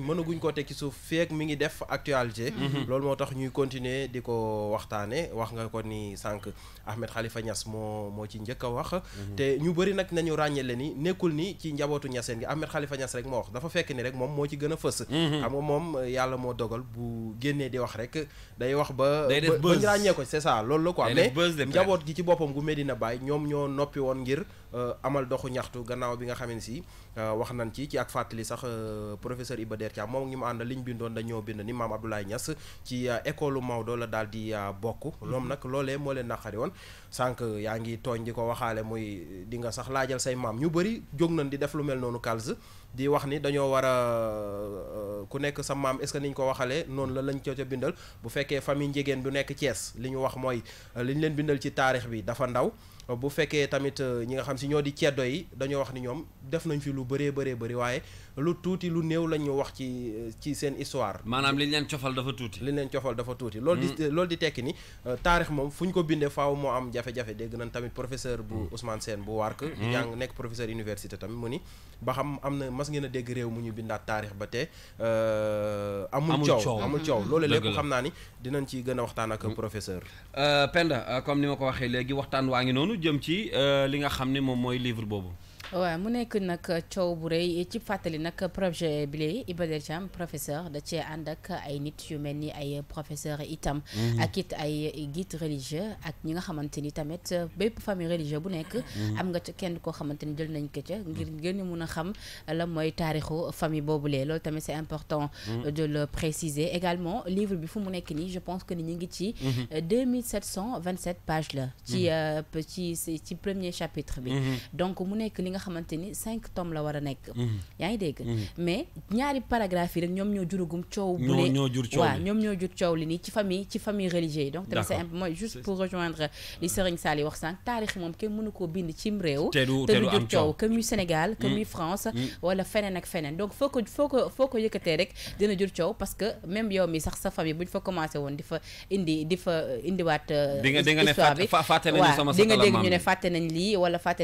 ci suuf mi ngi def actualité mhm. loolu moo tax ñuy continuer di waktane, waxtaane wax nga ko ni sànq Ahmed Khalifa smo moo moo ci wax mhm. te ñu bëri nak nañu ràññale ni nekkul ni ci njabootu Niasseen gi Ahmed Khalifa Niass rek moo wax dafa fek ni rek moom moo ci gën a xam nga dogal bu génnee di wax rek day wax ba bañ ràññee ko c'est ça la quoi mais gi ci bu Medina Baye ñoom ñoo noppi woon ngir euh, amal doxu ñaxtu gannaaw bi nga xam si euh, wax nañ ci ci ak fàttali sax euh, professeur Iba Der Thiam moom ngi ma ànd li ñu bindoon dañoo bind ni maam Abdoulaye Niass ci école Maodo la daal di bokk. Mhm. loom nag loolee moo leen naqari woon sànq yaa ngi tooñ di ko waxaale muy di nga sax laajal say maam ñu bëri jóg nañ di def lu mel noonu Calze. di wax ni dañoo war a euh, ku nekk sa maam est-ce ni ñu ko waxalee noonu la lañ coo ca bindal bu fekkee famille njigéen bu nekk cees li ñu wax mooy euh, li ñu leen bindal ci taarix bi dafa ndaw Euh, bu fekkee tamit euh, ñi nga xam si ñoo di ceddo yi dañoo wax ni ñoom def nañ fi lu bëree bëree bëri waaye lu tuuti lu néew lañ ñu wax ci euh, ci seen histoire. maanaam li leen cofal dafa tuuti. liñ leen cofal dafa tuuti. lool di hmm. loolu di tekki ni taarix moom fu ñu ko bindee faaw moo am jafe-jafe dégg nañ tamit professeur bu hmm. Ousmane Sène bu Wark. Hmm. di ngi nekk professeur université tamit mu ni ba xam am na mas ngeen a dégg réew mu ñu bindaat taarix ba te. amul coow amul coow loolu lépp xam naa ni dinañ ci gën a waxtaan ak professeur. Penda comme ni ma ko waxee léegi waxtaan waa ngi noonu noonu jëm ci euh, li nga xam ne moom mooy livre boobu ouais mu nekk nag coow bu rëy ci fàttali nag projet bi léegi professeur da cee ànd ak ay nit ni ay professeur itam mhm. ak it ay guide religieux ak ñi nga tamet ni tamit famille religieux bu nekk mhm. am nga ca kenn ni nañ ko ca ngir gën a xam la mooy taarixu famille boobulee loolu tamit c'est important mhm. de le préciser également livre bi fu mu je pense que ni ñu ngi ci 2727 euh, pages la ci euh, petit ci premier chapitre bi donc mu nekk xamante ni cinq tomes la war a nekk mm-hmm. mm-hmm. mais ñaari paragraphe rek ñoom ñoo jurugum coow bu ne ñoo jur coow ci famille ci famille religieuse donc juste pour rejoindre les Serigne wax mënu bind Sénégal mm. France mm. wala feneen ak feneen donc foo ko foo ko foo ko yëkkatee rek dina jur coow parce que même yow mi sax sa famille buñ commencé indi di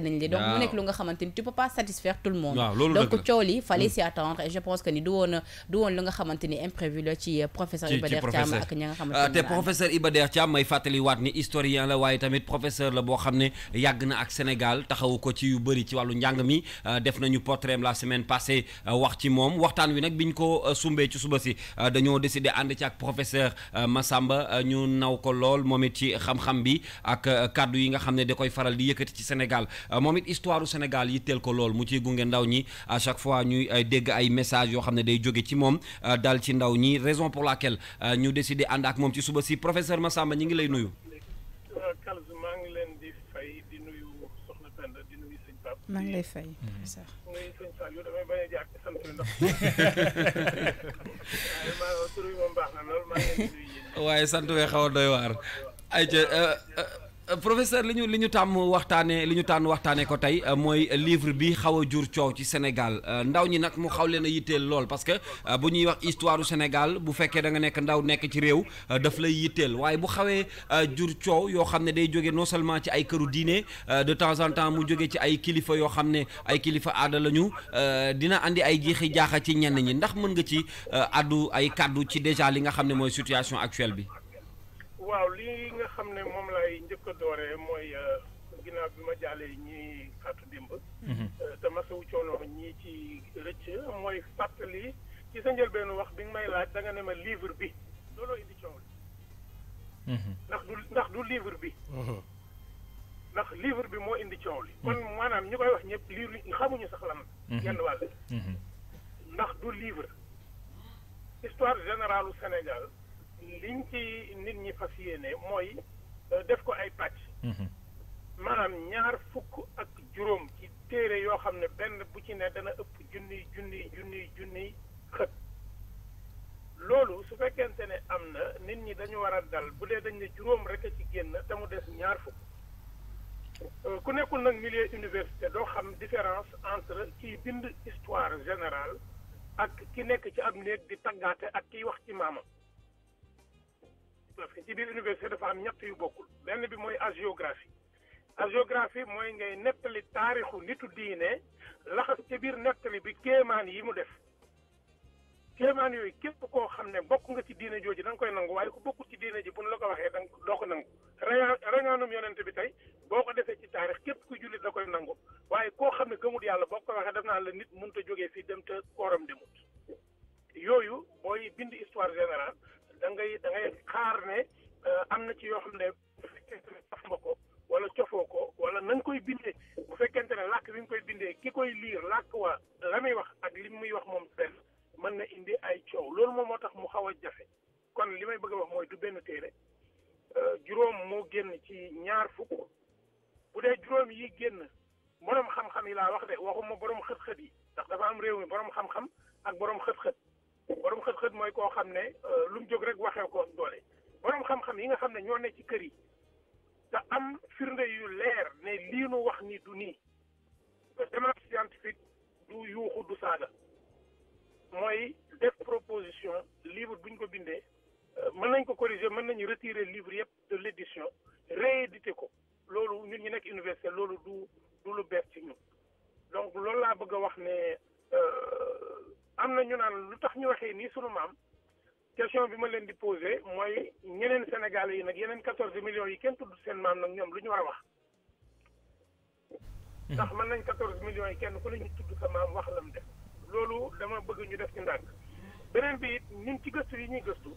nga ñu nañ donc mu lu nga ni tu peux pas satisfaire tout le monde donc coow fallait mm. s'y attendre et je pense que ni du woon nga xamante imprévu ci euh, professeur Ibader Der Thiam ak nga ah, professeur Ibader Der Thiam may fàttaliwaat ni historien la waaye tamit professeur le boo xam ne yàgg na ak Sénégal taxawu ko ci yu bëri ci wàllu njàng mi euh, def nañu la semaine passée euh, wax ci moom waxtaan wi nak biñ ko sumbee ci suba ci dañoo décidé and ci ak professeur Massamba ñu naw ko lool momit ci xam-xam bi ak cadeau yi nga xamné ne faral di yëkëti ci Sénégal momit histoire du Sénégal yi yitteel ko lol mu ci gunge ndaw ñi à chaque fois ñuy ay euh, dégg ay message yo xamné day joggé ci mom euh, dal ci ndaw ñi raison pour laquelle euh, ñu décidé and ak mom ci suba ci professeur Massamba ñi ngi lay nuyu. Kalz maa ngi leen di fay di nuyu soxna Penda di nuyu seigne pap maa ngi lay fay. Mm-hmm. sax nuyu sëñ Saliou damay bañ a sant ndax. waaye maa tur bi moom baax na ngi nuyu. waaye sant wee xaw a doy waar. ayca. professeur li ñu li ñu tàmm waxtaanee li ñu tànn waxtaanee ko tey euh, mooy livre bi xaw a jur coow ci Sénégal euh, ndaw ñi nag mu xaw leen a yitteel lool parce que euh, bu ñuy wax histoire Sénégal bu fekkee da nga nekk ndaw nekk ci réew dafa lay yitteel waaye bu xawee jur coow yoo xam ne day jóge non seulement ci ay këru diine de temps en temps mu jóge ci ay kilifa yoo xam ne ay kilifa aada lañu dina indi ay jiixi jaaxa ci ñenn ñi ndax mën nga ci àddu ay kàddu ci déjà li nga xam ne mooy situation actuelle bi. waaw lii nga xam ne moom lay njëkk doore mooy euh, ginnaaw bi ma jàllee ñi fàttu démb. Mhm. Euh, te masawu coono ñii ci rëcc mooy fàttali ci sa njëlbeenu wax bi nga may laaj danga ne ma livre bi looloo indi coow li mhm. ndax du ndax du livre bi. Mhm. ndax livre bi moo indi coow li. kon maanaam ñu koy wax ñëpp livre xamuñu sax lan. genn wàll. ndax du livre. histoire générale du Sénégal. liñ ci nit ñi fas yéene mooy euh, def ko ay pàcc. Mm-hmm. maanaam ñaar fukk ak juróom ci téere yoo xam ne benn bu ci ne dana ëpp junniy junniy junniy junniy xët. loolu su fekkente ne am na nit ñi dañu war a dal bu dee dañ ne juróom rek ci génn te mu des ñaar fukk. Euh, ku nekkul nag milieu université doo xam différence entre kiy bind histoire général ak ki nekk ci ab néeg di taggaate ak kiy wax ci maamam. ci biir université dafa am ñett yu bokkul benn bi mooy agiographie agiographie mooy ngay nettali taarixu nitu diine laxas ci biir nettali bi kéemaan yi mu def kéemaan yooyu képp koo xam ne bokk nga ci diine jooju da koy nangu waaye ku bokkul ci diine ji bu nu la ko waxee da nga doo ko nangu reñaanum yonent bi tey boo ko defee ci taarix képp ku jullit da koy nangu waaye koo xam ne gëmut yàlla boo koy waxee def naa la nit mënut a jógee fii dem te kooram demut yooyu booy bind histoire da ngay da xaar ne euh, am na ci yoo xam ne bu ko wala cofoo ko wala na koy bindee bu fekkente ne làkk bi nga koy bindee ki koy liir làkk waa la muy wax ak li muy wax moom benn mën na indi ay coow loolu moom moo tax mu xaw a jafe kon li may bëgg a wax mooy du benn téere euh, juróom moo génn ci ñaar fukk bu dee juróom yi génn borom xam-xam yi laa wax de waxuma borom xët-xët yi ndax dafa am réew mi borom xam-xam ak borom xët-xët. borom xët-xët mooy koo xam ne euh, lu mu jóg rek waxee ko doole borom xam-xam yi nga xam ne ñoo ne ci kër yi te am firnde yu leer ne lii nu wax ni du nii démarche scientifique du yuuxu du saaga mooy def proposition livre buñ ko bindee euh, mën nañ ko corriger mën nañu retirer livre yëpp de l'édition rééditer ko loolu ñun ñu nekk université loolu du du lu bees ci ñun donc loolu laa bëgg a wax ne euh, am na ñu naan lu tax ñu waxee nii sunu maam question bi ma leen di posé mooy ñeneen Sénégalais yi nag yeneen quatorze millions yi kenn tudd seen maam nag ñoom lu ñu war a wax. Hmm. ndax mën nañ quatorze millions yi kenn ku ne ñu tudd sa maam wax la mu def loolu dama bëgg ñu def ci ndànk beneen bi it ci gëstu yi ñuy gëstu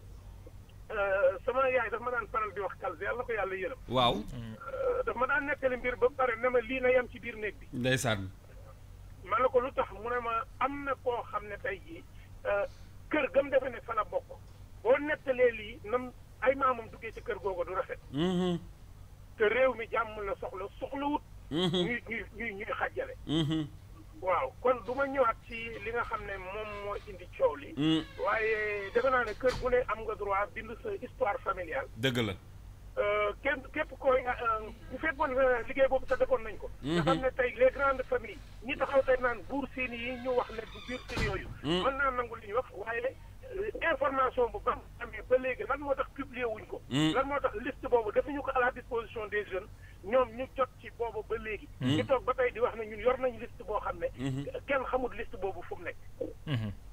euh, sama yaay daf ma daan faral di wax kalse yàlla ko yàlla yërëm. waaw. Euh, daf ma daan nettali mbir ba pare ne ma lii na yem ci biir néeg bi. man la ko lu tax mu ne ma am na koo xam ne tey jii euh, kër gam defe ne fan a bokk boo nettalee lii nam ay maamam duggee ci kër googu du rafet. Mm-hmm. te réew mi jàmm na soxla soxlawut. Mm-hmm. ñuy ñuy ñuy ñuy xàjjale. Mm-hmm. waaw kon du ma ñëwaat ci li nga xam ne moom moo indi coow li. Mm. waaye defe naa ne kër gu ne am nga droit bind sa histoire familiale. dëgg la. Euh, kenn képp koy euh, bu fekkoon liggéey boobu te defoon nañ ko. Mhm. nga xam ne tey les grandes familles ñi taxaw tey naan buur siin yi ñu wax ne bu biir siin mhm. mën naa nangu li ñu wax waaye euh, information bu baax amee ba léegi lan moo tax publier wuñ ko. Mhm. lan moo tax liste boobu defuñu ko à la disposition des jeunes ñoom ñu jot ci boobu ba léegi. ñu toog ba tey di wax ne ñun yor nañ liste boo xam ne. kenn xamul liste boobu fu mu nekk.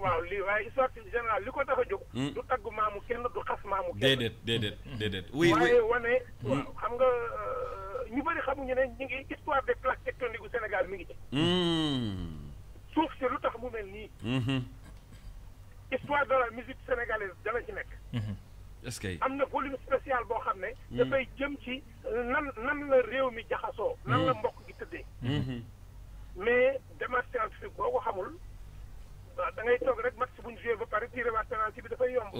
waaw lii waaye histoire générale li ko tax a jóg. Hmm. du tagg maamu kenn du xas maamu. kenn déedéet déedéet hmm. déedéet. oui waaye wane. Hmm. xam nga euh, ñu bëri xamuñu ne ñu ngi histoire des plaques tectoniques gu Sénégal mi ngi ci. suuf si lu tax mu mel nii. histoire de la musique sénégalaise dana ci nekk. est que am na volume spécial boo xam ne. dafay jëm ci nan nan la réew mi jaxasoo. nan la mbokk gi tëddee. mais démarche scientifique boo ko xamul.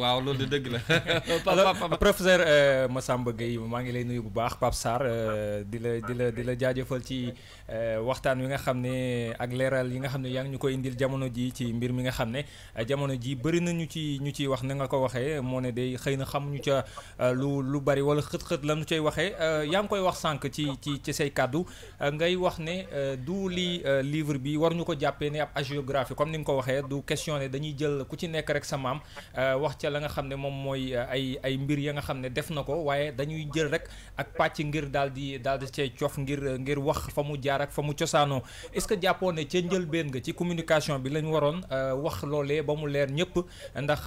waaw loolu de dëgg la. alors professeur euh, Massamba Gueye maa ngi lay nuyu bu baax Pape Sarr euh, di la di la di la jaajëfal ci euh, waxtaan wi nga xam ne ak leeral yi nga xam ne yaa ngi ñu koy indil jamono ji ci mbir mi nga xam ne jamono ji bari na ñu ci ñu ciy wax na nga ko waxee moo ne day xëy na xamuñu ca lu lu bari wala xët-xët la ñu cay waxee yaa ngi koy wax sànq ci ci ci say kàddu ngay wax ne du lii livre bi war ñu ko jàppee ne ab agiographie comme ni nga ko waxee. du question ne dañuy jël ku ci nekk rek sa maam euh, wax ca la nga xam ne moom mooy euh, ay ay mbir ya nga xam ne def na ko waaye dañuy jël rek ak pàcc ngir daal di daal di cay cof ngir ngir wax fa mu jaar ak fa mu cosaanoo est-ce que jàppoo ne ca njëlbeen nga ci communication bi lañ waroon euh, wax loolee ba mu leer ñëpp ndax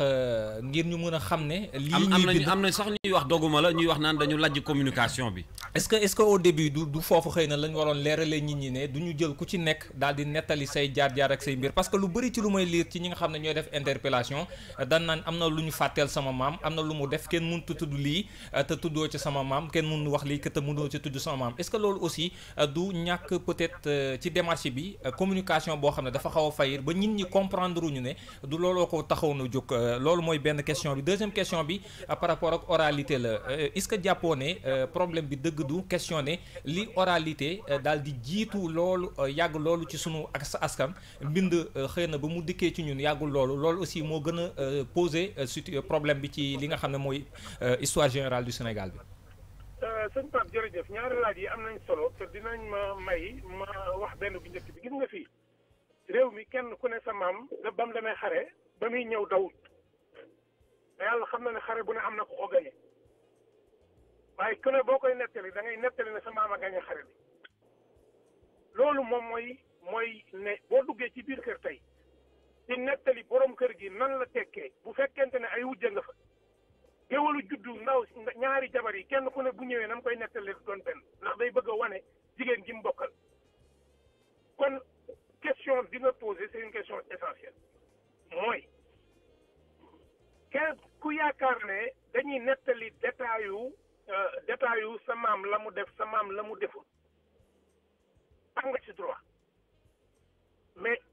ngir ñu mën a xam ne. lii am nañu am na sax ñuy wax doguma la ñuy wax naan dañu lajj communication bi. est-ce que est-ce au début du du foofu xëy na lañu waroon leeralee nit ñi ne du ñu jël ku ci nekk daal di nettali say jaar jaar lire ci ñi nga xam ne def interpellation dan naan am na lu ñu fàtteel sama mam amna lu mu def kenn mënut a li euh, te tuddoo ci sama mam kenn mënut wax ke te ci sama est-ce que aussi euh, du ñak peut-être euh, ci démarche bi communication bo xamne dafa xaw a ba ñin ñi comprendre ñu ne du looloo ko taxaw no juk loolu moy question bi deuxième question bi par rapport ak oralité la est-ce que japoné problème bi deug du question ne li oralité dal di jitu loolu yag loolu ci sunu ak sa mu dikkee ci ñun yagul loolu loolu aussi mo gën a euh, poser euh, surtout euh, problème bi ci li nga xamné moy histoire générale du Sénégal bi. sëñ Pape jërëjëf ñaari laaj yi am nañ solo te dinañ ma may ma wax benn bu njëkk bi gis nga fii réew mi kenn ku ne sa maam la bam mu demee xare ba muy ñëw dawut te yàlla xam na ne xare bu ne am na ko ko gañe waaye ku ne boo koy nettali da ngay nettali ne sa maam a gañe xare bi loolu moom mooy mooy ne boo duggee ci biir kër tey di nettali borom kër gi nan la tekkee bu fekkente ne ay wujja nga fa géwalu juddu ndaw ñaari jabar yi kenn ku ne bu ñëwee nam koy nettali doon benn ndax day bëgg a wane jigéen gi mu bokkal kon question bi nga posé c'est une question essentielle mooy kenn ku yaakaar ne dañuy nettali détail yu détail yu sa maam la mu def sa maam la mu deful am nga ci droit mais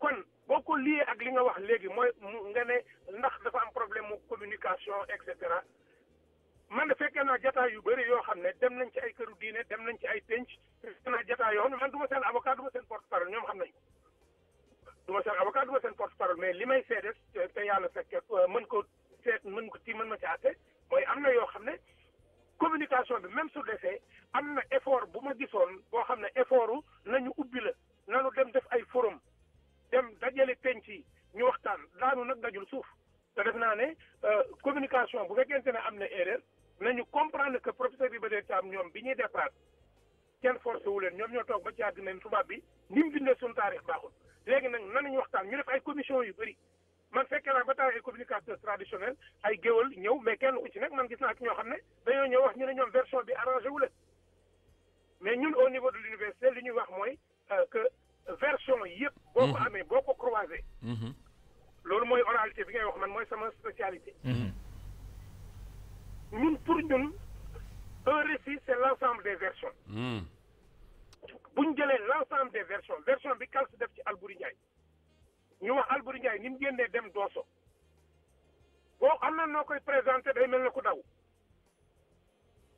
kon boo ko lié ak li nga wax léegi mooy nga ne ndax dafa am problème mu communication et cetera man de fekkee naa jataay yu bëri yoo xam ne dem nañ ci ay këru diine dem nañ ci ay pénc fekkee naa jataay yoo man du ma seen avocat du ma seen porte parole ñoom xam nañ ko du ma seen avocat du ma seen port parole mais li may seede te yàlla fekke euh, mën ko seet mën ko ci mën ma ci àtte mooy am na yoo xam ne communication bi même su defee am na effort bu ma gisoon boo xam ne effortu nañu ubbi la nañu dem def ay forum dem dajale penc yi ñu waxtaan daanu nag dajul suuf te def naa ne communication bu fekkente ne am na erreur nañu comprendre que professeur bi Iba Thiam ñoom bi ñuy départ kenn forcé wu leen ñoom ñoo toog ba ci àgg nañ tubaab bi nim mu bindee suñu taarix baaxul léegi nag nanuñu waxtaan ñu def ay commission yu bëri man fekkee naa ba tax ay communicateur traditionnel ay géwal ñëw mais kenn ku ci nekk man gis naa ci ñoo xam ne dañoo ñëw wax ñu ne ñoom version bi arrangé wu la mais ñun au niveau de l'université li ñuy wax mooy que version yëpp. boo ko mhm. amee boo ko croisé. Mhm. loolu mooy oralité bi ngay wax man mooy sama spécialité. Mhm. ñun pour ñun un récit c' est l' ensemble des versions. bu ñu jëlee l' ensemble des versions version bi Kals def ci Alboury Ndiaye ñu wax Alboury Ndiaye ni mu génnee dem Dooso boo am na noo koy présenté day mel na ku daw.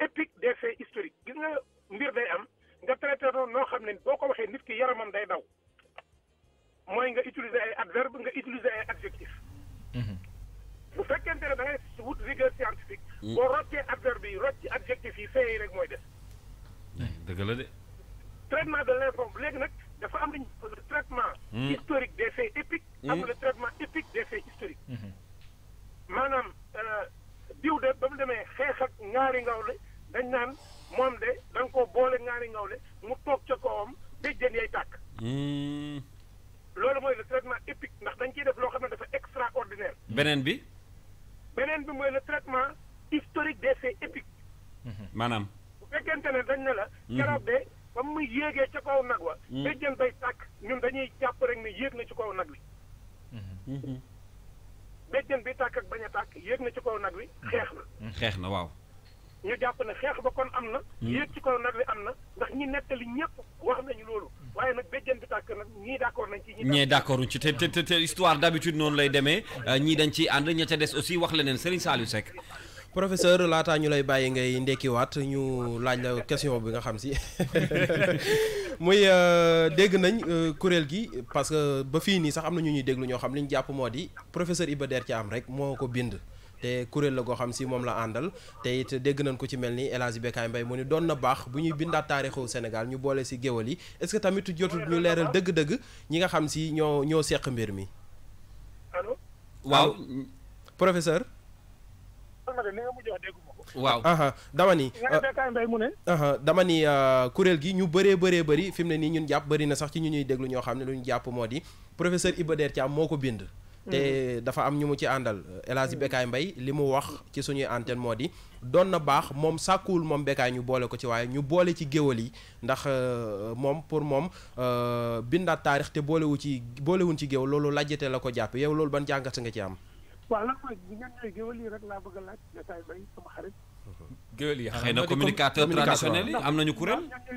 épique des faits historiques gis nga mbir day am nga traité noonu noo xam ne boo ko waxee nit ki yaramam day daw mooy nga utiliser ay adverbe nga utiliser ay adjectif mhm. bu fekkente ne da ngay wut rigueur scientifique. Mm. boo roccee adverbe yi rocc adjectif yi fee rek mooy des. Eh, dëgg de. traitement de l'informe léegi nag dafa am lu le euh, traitement. Mm. historique des faits épiques. Mm. am le traitement épique des faits historiques. Mhm. maanaam euh, diw de ba mu demee xeex ak ñaari ngaw la dañ naan moom de da ko boole ngaari ngaw mu toog ca kawam béjjën yay tàkk. Hmm. loolu mooy le traitement épique ndax dañ ciy def loo xam ne dafa extraordinaire. beneen bi. beneen bi mooy le traitement historique de faits épiques. Hmm. maanaam. bu fekkente ne dañ ne la. Hmm. keroog de ba mu yéegee ca kaw nag wa. béjjën bay tàkk ñun dañuy jàpp rek ne yéeg na ci kaw nag wi. béjjën bi tàkk ak bañ a tàkk yéeg na ci kaw nag wi xeex na. xeex na waaw. ñu jàpp ne xeex ba kon am na. Hmm. yéeg ci kaw nag li am na ndax ñi nettali ñëpp wax nañu loolu waaye nag béjjën bi tàkk nag ñii d' nañ ci. d' accord ci te te te histoire d' noonu lay demee euh, ñii dañ ciy ànd ña ca des aussi wax leneen Serigne Saliou Seck. professeur laataa ñu lay bàyyi ngay ndekkiwaat ñu laaj la question bi nga xam si muy euh, dégg nañ euh, kuréel gi parce que ba fii nii sax am na ñu ñuy déglu ñoo xam li ñu jàpp moo di professeur Iba Der Thiam rek moo ko bind. te kuréel la goo xam si moom la àndal tey it dégg nañ ko ci mel ni El Hadji Bécaye Mbaye mu ni doon na baax bu ñuy bindaat taarixu Sénégal ñu boole si géwal yi est-ce que tamit jotul ñu leeral dëgg-dëgg ñi nga xam si ñoo ñoo seq mbir mi. allo waaw professeur. waaw dama ni euh, dama ni euh, kuréel gi ñu bëree bëree bëri fi mu ne nii ñun jàpp bëri na sax ci ñu ñuy déglu ñoo xam ne lu ñu jàpp moo di professeur Iba Der Thiam moo ko bind. te mm. dafa am ñu mu ci àndal El Hadji mm. mbay li mu wax ci suñuy antenne moo di doon na baax moom sàkkuwul moom Bécaye ñu boole ko ci waaye ñu boole ci géwal yi ndax euh, moom pour moom euh, bindaat taarix te boolewu ci boolewuñ ci géwal loolu lajjate la ko jàpp yow loolu ban jàngat nga ci am waaw lan mooy ñan yi rek xëy na communicateur traditionnel yi am nañu kuréel ñan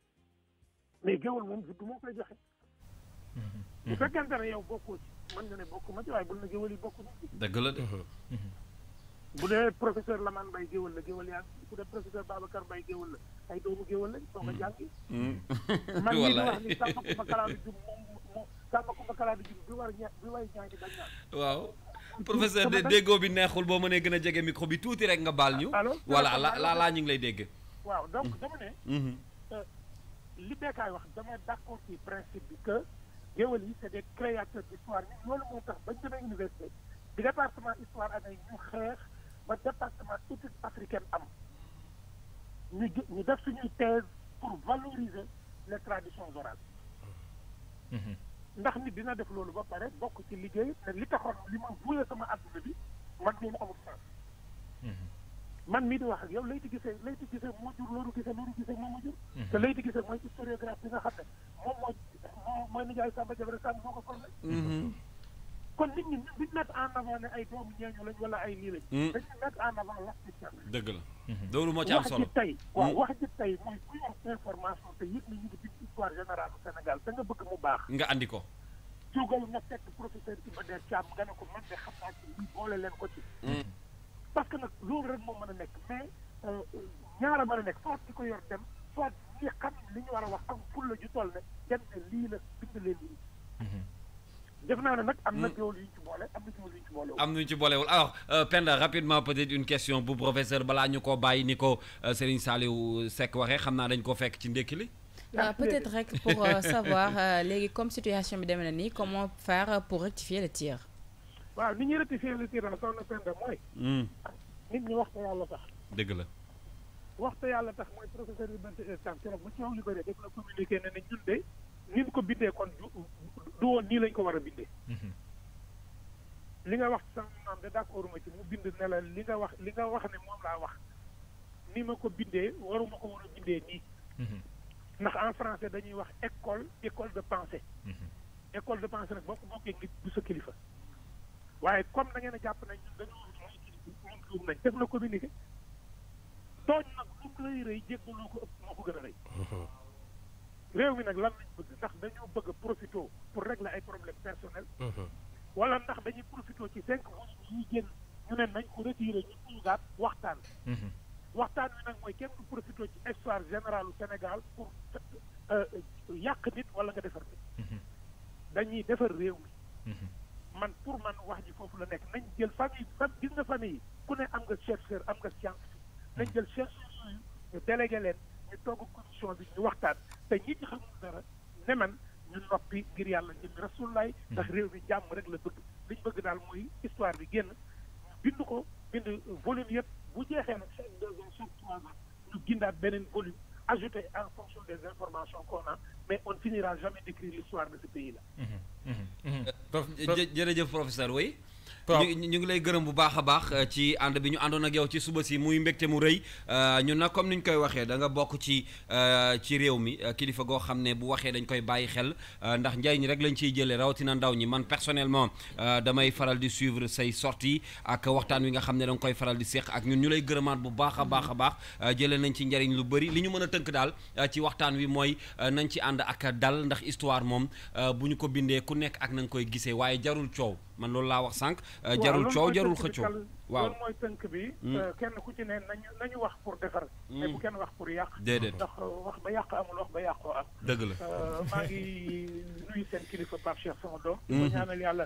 mais géwal moom juddu moo koy joxe. Mm-hmm. bu mm-hmm. fekkente ne yow bokkoo ci mën nga ne bokk ma ci waaye bul na géwal yi bokk na ci. dëgg la de. Mm-hmm. bu dee professeur Lamane Mbaye géwal la géwal yaa bu dee professeur Babacar Mbaye géwal la ay doomu géwal lañ soo ko jàngi. man mii di wax ni sàmm ma kalaatu ma kalaatu jub bi war ña bi way ñaari bañ naa. waaw professeur de déggoo bi neexul boo mënee gën a jege micro bi tuuti rek nga baal ñu. allo voilà la la laa ñu ngi lay dégg. waaw donc dama ne. li Bécaye wax dama d'accord ci principe bi que géwël yi c'est des créateurs d'histoire ñun loolu moo tax bañ demee université bi département histoire amee ñu xeex ba département études africaines am ñu ñu def suñuy thèse pour valoriser les traditions orales mhm. ndax nit dina def loolu ba pare bokk ci liggéey li taxoon li ma vuyee sama adduna bi man loolu amul sens mhm. man mii di wax ak yow Leyti Guissé Leyti Guissé moo jur Lorou Guissé Lorou Guissé moo jur mhm. te Leyti Guissé mooy historiographe bi nga xam ne moom mooy moo mooy nijaay Samba Jabare Samb moo ko formé mhm. kon nit ñi di mettre en avant ne ay doomu ñeeñu lañ wala ay lii lañ mhm. dañuy mettre en avant wax ci tey dëgg la loolu moo ci am solo wax ci tey waaw wax ci tey mooy ku yor information te yëg na ñu ngi bind histoire générale du te nga bëgg mu baax nga andi ko jógal nga fekk professeur Iba Der Thiam nga ne ko man xam naa ci ko ci parce que nak loolu rek moo mën a nekk mais euh, ñaara mën a nekk soit di ko yor dem soit ñi xam li ñu war a wax ak fulla ju toll ne dem ne lii la bind leen lii mhm. def naa ne nag am na jiw mm. yu ci boole am na jiw yu ci boolewul. am na ñu ci boolewul alors euh, Penda rapidement peut-être une question bu professeur balaa ñu ko bàyyi ni ko euh, Serigne Saliou Seck waxee xam naa dañ ko fekk ci ndékki li ah, peut-être rek pour savoir léegi comme situation bi demee na nii comment faire pour rectifier le tir. waaw ni ñuy rectifier le tir soxna Penda mooy. nit ñi waxta yàlla tax. dëgg la. waxta yàlla tax mooy professeur yu bëri si état keroog ba coow li bëri def na communiqué ne ne ñun ñu ko bindee kon du du woon nii lañ ko war a bindee. Hmm. li nga wax sama maam de d'accord ma ci mu bind ne la li nga wax li nga wax ne moom laa wax nii ma ko bindee waruma ko war a bindee nii. Hmm. ndax en français dañuy wax école école de pensée. Hmm. école de pensée nag boo ko bokkee sa kilifa. waaye comme da ngeen a jàpp nañ ñun dañoo ñun tuub nañ def na communiqué tooñ nag lu mu lay ko ëpp moo ko gën a rëy mhm. réew mi nag lan lañ bëgg ndax dañoo bëgg a profité pour régler ay problème personnel mhm. wala ndax dañuy profité ci cinq mois yi génn ñu ne nañ ko retiré ñu tuugaat waxtaan mhm. waxtaan wi nag mooy kenn du profité ci histoire générale u Sénégal pour euh, yàq nit wala nga defar nit dañuy defar réew mi man pour man wax ji foofu la nekk nañ jël famille fam gis nga famille yi ku ne am nga chercheur am nga scientifique nañ jël chercheur yooyu ñu délégué leen ñu togg commission bi ñu waxtaan te ñi ci xamul dara ne man ñu noppi ngir yàlla jëm rasulaay ndax réew mi jàmm rek la bëgg liñ bëgg daal mooy histoire bi génn bind ko bind volume yëpp bu jeexee nag chaque deux ans ñu gindaat beneen volume ajouter en fonction des informations qu'on a, mais on ne finira jamais d'écrire l'histoire de ce pays-là. au mmh, mmh, mmh. euh, professeur oui ñu ñu ngi lay gërëm bu baax a baax euh, ci ànd bi ñu àndoon ak yow ci suba si muy mbégte mu rëy euh, ñun nag comme ni ñu koy waxee danga bokk ci euh, ci réew mi kilifa goo xam ne bu waxee dañ koy bàyyi xel ndax njariñ rek lañ ciy jëlee rawatina ndaw ñi man personnellement damay faral di suivre say sorties ak waxtaan wi nga xam ne da koy faral di séq ak ñun ñu lay gërëmaat bu baax a baax a baax jëlee nañ ci njariñ lu bari li ñu mën a tënk daal ci waxtaan wi mooy nañ ci ànd ak dal ndax histoire moom bu ñu ko bindee ku nekk ak na koy gisee waaye jarul coow man loolu laa sànq Euh, jarul coow jarul xëccoo waaw mooy tënk bi hmm. euh, kenn ku ci ne nañu nañu wax pour defar hmm. mais bu kenn wax pour yàq déedéet ndax euh, wax ba yàq amul wax ba yàqoo am dëgg la maa ngi nuyu seen kilifa Pape Cheikh sama doom hmm. ñaanal yàlla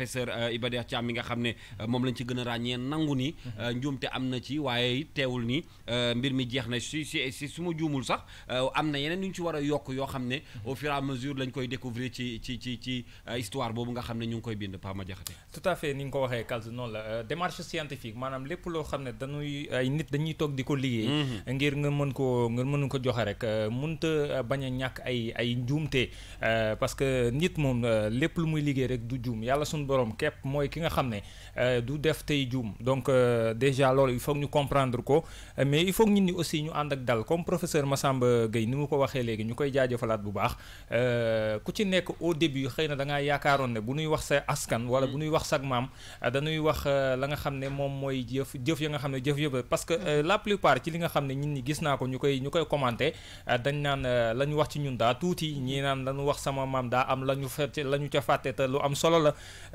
professeur euh, Iba Der Thiam mi nga xam ne euh, moom lañ ci gën ràññee nangu ni mm-hmm. euh, njuumte am na ci waaye teewul ni mbir mi jeex na si si si su ma juumul sax am na yeneen yu ñu ci war a yokk yoo xam ne mm-hmm. au fur et mesure lañ koy découvrir ci ci ci ci histoire boobu nga xam ne ñu ngi koy bind Pa Madiakhaté tout à fait ni nga ko waxee Kalz noonu la démarche scientifique maanaam lépp loo xam ne dañuy ay nit dañuy toog di ko liggéey mm-hmm. ngir nga mën ko nga mën ko joxe rek munta bañ a ñàkk ay ay njuumte parce que nit moom lépp lu muy liggéey borom képp mooy ki nga xam ne euh, du def tey juum donc euh, déjà loolu il faut ñu comprendre ko mais il faut ñun ñi aussi ñu ànd ak dal comme professeur Massamba Gueye ni mu ko waxee léegi ñu koy jaajëfalaat bu baax euh, ku ci nekk au début xëy na da ngaa yaakaaroon ne bu ñuy wax sa askan wala bu ñuy wax sa maam dañuy wax la nga xam ne moom mooy jëf jëf ya nga xam ne jëf yëpp parce que la plupart ci li nga xam ne ñi gis naa ko ñu koy ñu koy commenté dañ naan la ñu wax ci ñun daa tuuti ñii naan lañu wax sama maam daa am la ñu fet la ñu ca fàtte te lu am solo la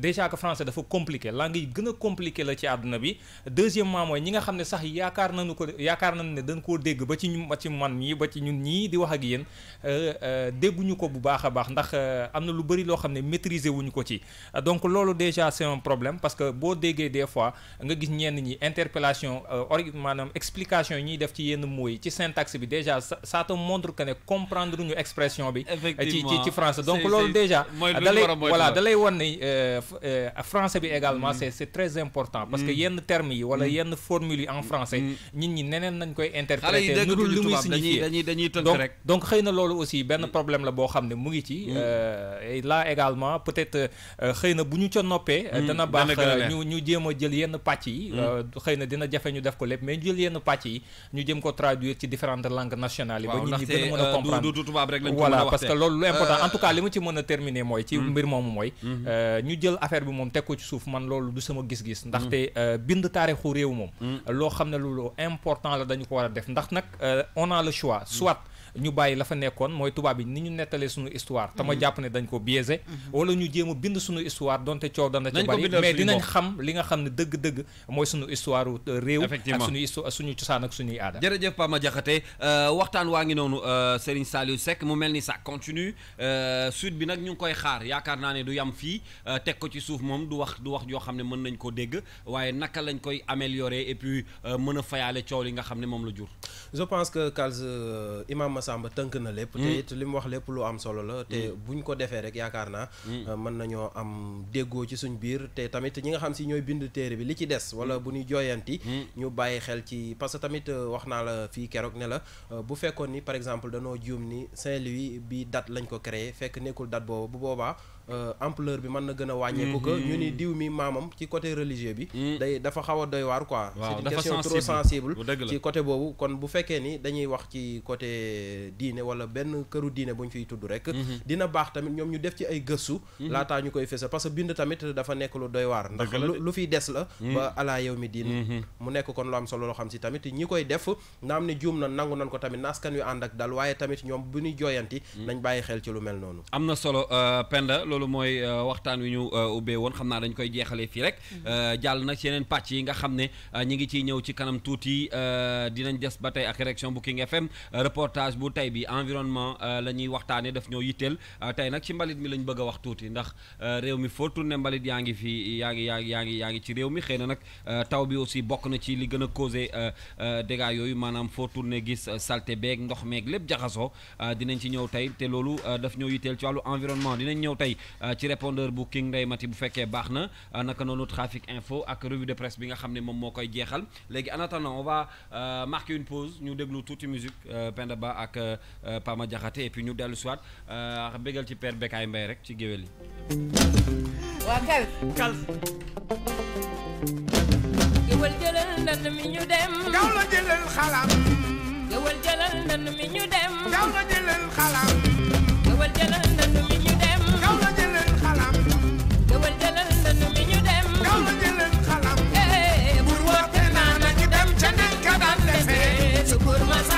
déjà que français dafa compliqué langue yi que compliqué la ci aduna bi deuxièmement nous ñi nga xamné sax yaakar nañu ko yaakar ne dañ ko dégg ba ci ñu ci man nous ba ci ñun ñi di wax ak euh, euh, dégguñu ko bu baax ndax euh, amna lu bëri lo maîtriser wuñu ko ci donc déjà c'est un problème parce que bo déggé des fois nga gis ñenn interpellation euh, explication ñi def ci ci syntaxe déjà ça te montre que comprendre ñu expression bi ci ci français donc lolu déjà Voilà, voilà euh, français bi également mm. c'est c'est très important parce que mm. yenn terme yi wala mm. yenn formule en français nit ñi neneen nañ koy interpréter nu dul li muy signifier rek donc xeyna lolu aussi ben problème la bo xamné mu ngi ci euh là également peut-être euh, xeyna buñu ci noppé dana baax euh, ñu ñu jéem jël yenn patch yi xëy na dina jafé ñu def ko lépp mais jël yenn patch yi ñu jëm ko traduire ci différentes langues nationales ba nit ñi gën mëna comprendre voilà parce que lolu important en tout cas limu ci mëna terminer moy ci mbir mom moy euh ñu jël affaire bi moom teg ko ci suuf man loolu du sama gis-gis mm. ndaxte euh, bind taarixu réew moom mm. loo xam ne loolu important la dañu ko war a def ndax nag euh, on a le choix mm. soit ñu bàyyi la fa nekkoon moy tuba bi ni ñu netalé suñu histoire te mm. japp ne dañ ko biaisé mm-hmm. wala ñu jéem bind suñu histoire donte ciow dana ci bari mais dinañ xam li nga xam deug deug moy suñu histoire euh, réew ak suñu histoire suñu cosaan ak suñu ada jërëjëf pa ma jaxaté euh, waxtaan waangi nonu noonu euh, Serigne Saliou Seck mu melni ça continue suite bi nak ñu koy xaar yaakar naa du yam fi tek ko ci suuf mom du wax du wax yo xam ne mën nañ ko dégg waye naka lañ koy améliorer et puis mëna fayalé ciow li nga xam mom la jur je pense que Kalz imam Massamba tënk na lépp mm. te it li mu wax lépp lu am solo la te mm. buñ ko defee rek yaakaar naa mm. euh, mën nañoo am déggoo ci suñ biir te tamit ñi nga xam si ñooy bind téere bi li ci des wala bu ñuy jooyanti ñu bàyyi xel ci parce que tamit euh, wax naa la fii keroog ne la euh, bu fekkoon ni par exemple danoo juum ni Saint-Louis bi date lañ ko créé fekk nekkul date boobu bu boobaa Euh, ampleur bi mën na gën a wàññeeku que mhm. ñu ni diw mi maamam ci côté religieux bi mhm. day dafa xaw a doy waar quoi c'est une question trop sensible ci côté boobu kon bu fekkee ni dañuy wax ci côté diine wala benn këru diine bu fiy tudd rek mhm. dina baax tamit ñoom ñu def ci ay gëstu laataa ñu koy fësal parce que bind tamit dafa nekk lu doy ndax lu fiy des la ba alaa yow mi diin mu nekk kon lu am solo loo xam si tamit ñi koy def am ne juum na nangu nan ko tamit naaskan yu ànd ak dal waaye tamit ñoom bu ñuy jooyanti nañ bàyyi xel ci lu mel noonu am na solo euh, loolu mooy euh, waxtaan wi ñu euh, ubbee woon xam naa dañ koy jeexalee fii rek mm-hmm. euh, jàll nag yeneen pàcc yi nga xam ne ñi ngi ciy ñëw ci kanam tuuti dinañ des ba tey ak réaction bu King FM reportage bu tey bi environnement la ñuy waxtaanee daf ñoo yitteel tey nag ci mbalit mi lañ bëgg a wax tuuti ndax réew mi foo tourné mbalit yaa ngi fii yaa ngi yaa ngi yaa ngi yaa ngi ci réew mi xëy na nag taw bi aussi bokk na ci li gën a causé dégâts yooyu maanaam foo tourné gis salte beeg ndox meeg lépp jaxasoo dinañ ci ñëw tey te loolu daf ñoo yitteel ci wàllu environnement dinañ ñëw tey Euh, ci répondeur bu King Ndeye bu fekkee baax na euh, naka noonu trafic info ak revue de presse bi nga xam ne moom moo koy jeexal léegi en attendant on va euh, marquer une pause ñu déglu tuuti musique Penda Ba ak Pama Diakhaté et puis ñu dellu soit bégal ci Père Bécaye Mbaye rek ci géwél yi. waa kal jëlal ndand mi ñu dem gaw la jëlal xalam géwél jëlal ndand mi la jëlal xalam Kurmasana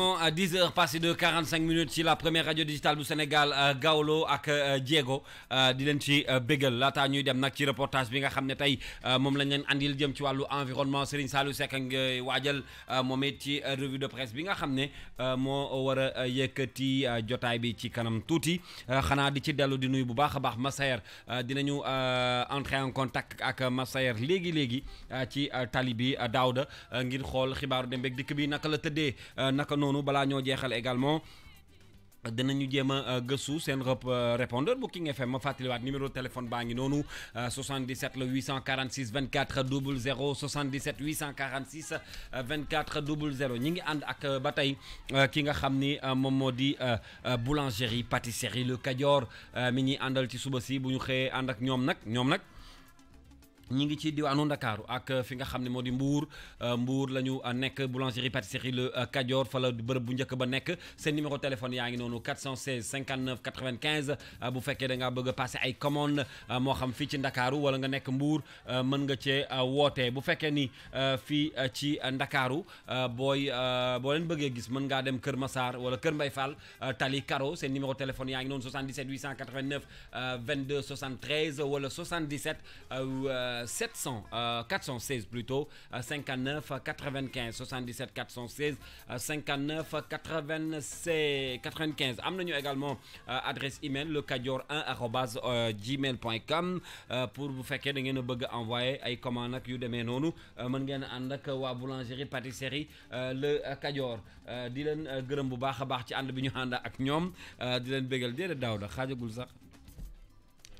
Guillermo à 10h passé de 45 minutes sur la première radio digitale du Sénégal euh, Gaolo ak euh, Diego euh, di len ci bégal laataa ñuy dem nak ci reportage bi nga xam tay tey lañ leen andil jëm ci walu environnement Serigne Saliou Seck ngay waajal moom ci revue de presse bi nga xam mo wara war a jotaay bi ci kanam tuuti xanaa di ci delu di nuyu bu baax baax Massaer dinañu entrer en contact ak Massaer légui léegi ci tali bi Daouda ngir xol xibaaru dem beeg dikk bi naka la tëddee naka noonu balaa ñoo jeexal également dinañu jéem a euh, gëstu seen euh, répondeur booking FM ma fatigué numéro de téléphone baa ngi noonu 77 euh, la 846 24 00 77 846 24 00 ñi ngi and ak batay ki nga xam ni moom boulangerie pâtisserie Le Kajoor mini ñuy àndal ci suba si bu ñu xëyee ànd ak ñoom nag ñoom nag. ñi ngi ci diwaanu Ndakaaru ak fi nga xam ne moo di mbuur euh, mbuur la ñu euh, nekk boulangerie pâtisserie le euh, Kajoor fa la bërëb bu njëkk ba nekk seen numéro téléphone yaa ngi noonu 416 59 95 bu fekkee da ngaa bëgg a passé ay commande moo xam fii ci Ndakaaru wala nga nekk mbuur mën nga cee woote bu fekkee ni fii ci Ndakaaru booy boo leen bëggee gis mën ngaa dem Kër Massar wala Kër Mbay Fall Tali Karo seen numéro téléphone yaa ngi noonu 77 889 22 73 wala 77 700 euh, 416 plutôt 59 95 77 416 59 96 95 amenez également euh, adresse email le 1gmailcom 1 arobase euh, gmail.com euh, pour bu fekkee da ngeen a bëgg envoyer ay commande ak yu demee noonu mën ngeen ànd ak boulangerie pâtisserie le kadior di leen gërëm bu baax a baax ci ànd bi ñu ànd ak ñoom di sax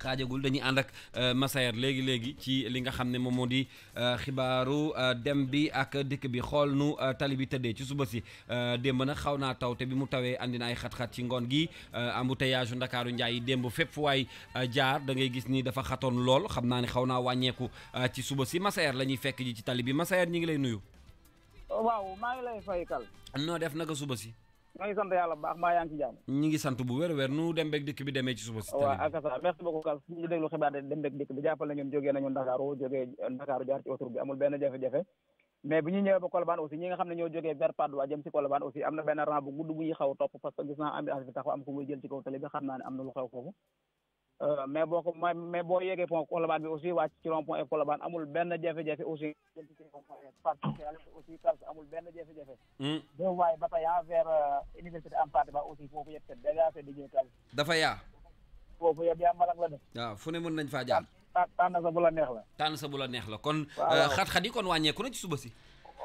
xaajagul dañuy ànd ak euh, Massaer léegi léegi ci li nga xam ne moom moo di euh, xibaaru euh, dem bi ak dikk bi xool nu tali bi tëddee ci suba si démb na xaw naa taw te bi mu tawee indi na ay xat-xat ci ngoon gi embouteillage Ndakaaru Njaay yi démb fépp fu waay jaar da ngay gis ni dafa xatoon lool xam naa ni xaw naa wàññeeku ci suba si Massaer la ñuy fekk ji ci tali bi Massaer ñi ngi lay nuyu. waaw maa ngi lay fay noo def naka suba si. maa ngi sant bu baax maa nu dem beeg dikk bi demee ci suba si. waaw ak ça merci beaucoup Kals ñu déglu de dem beeg dikk bi jàppal na ñun jógee nañu Ndakaaru jógee Ndakaaru jaar ci autoroute bi amul benn jafe-jafe mais bi ñu ñëwee ba Colobane aussi ñi nga xam ne ñoo jógee vers Padoua jëm si Colobane aussi am na benn rang bu bu ñuy xaw topp parce que gis naa am na lu xew foofu Euh, mais boo ko mais boo yeggee pont Colobane bi aussi wàcc ci rond point Colobane amul benn jafe-jafe aussi aussi presque amul benn jafe-jafe hmm. deux voies Bataya vers euh, université Hampâté Bâ aussi foofu yëpp c'est déjà c'est dafa yaa foofu yëpp yaa malang la def waaw fu ne mën nañ faa jaar tànn sa bu la neex la tànn sa bu la neex la kon euh, xat-xat yi kon wàññeeku na ci suba si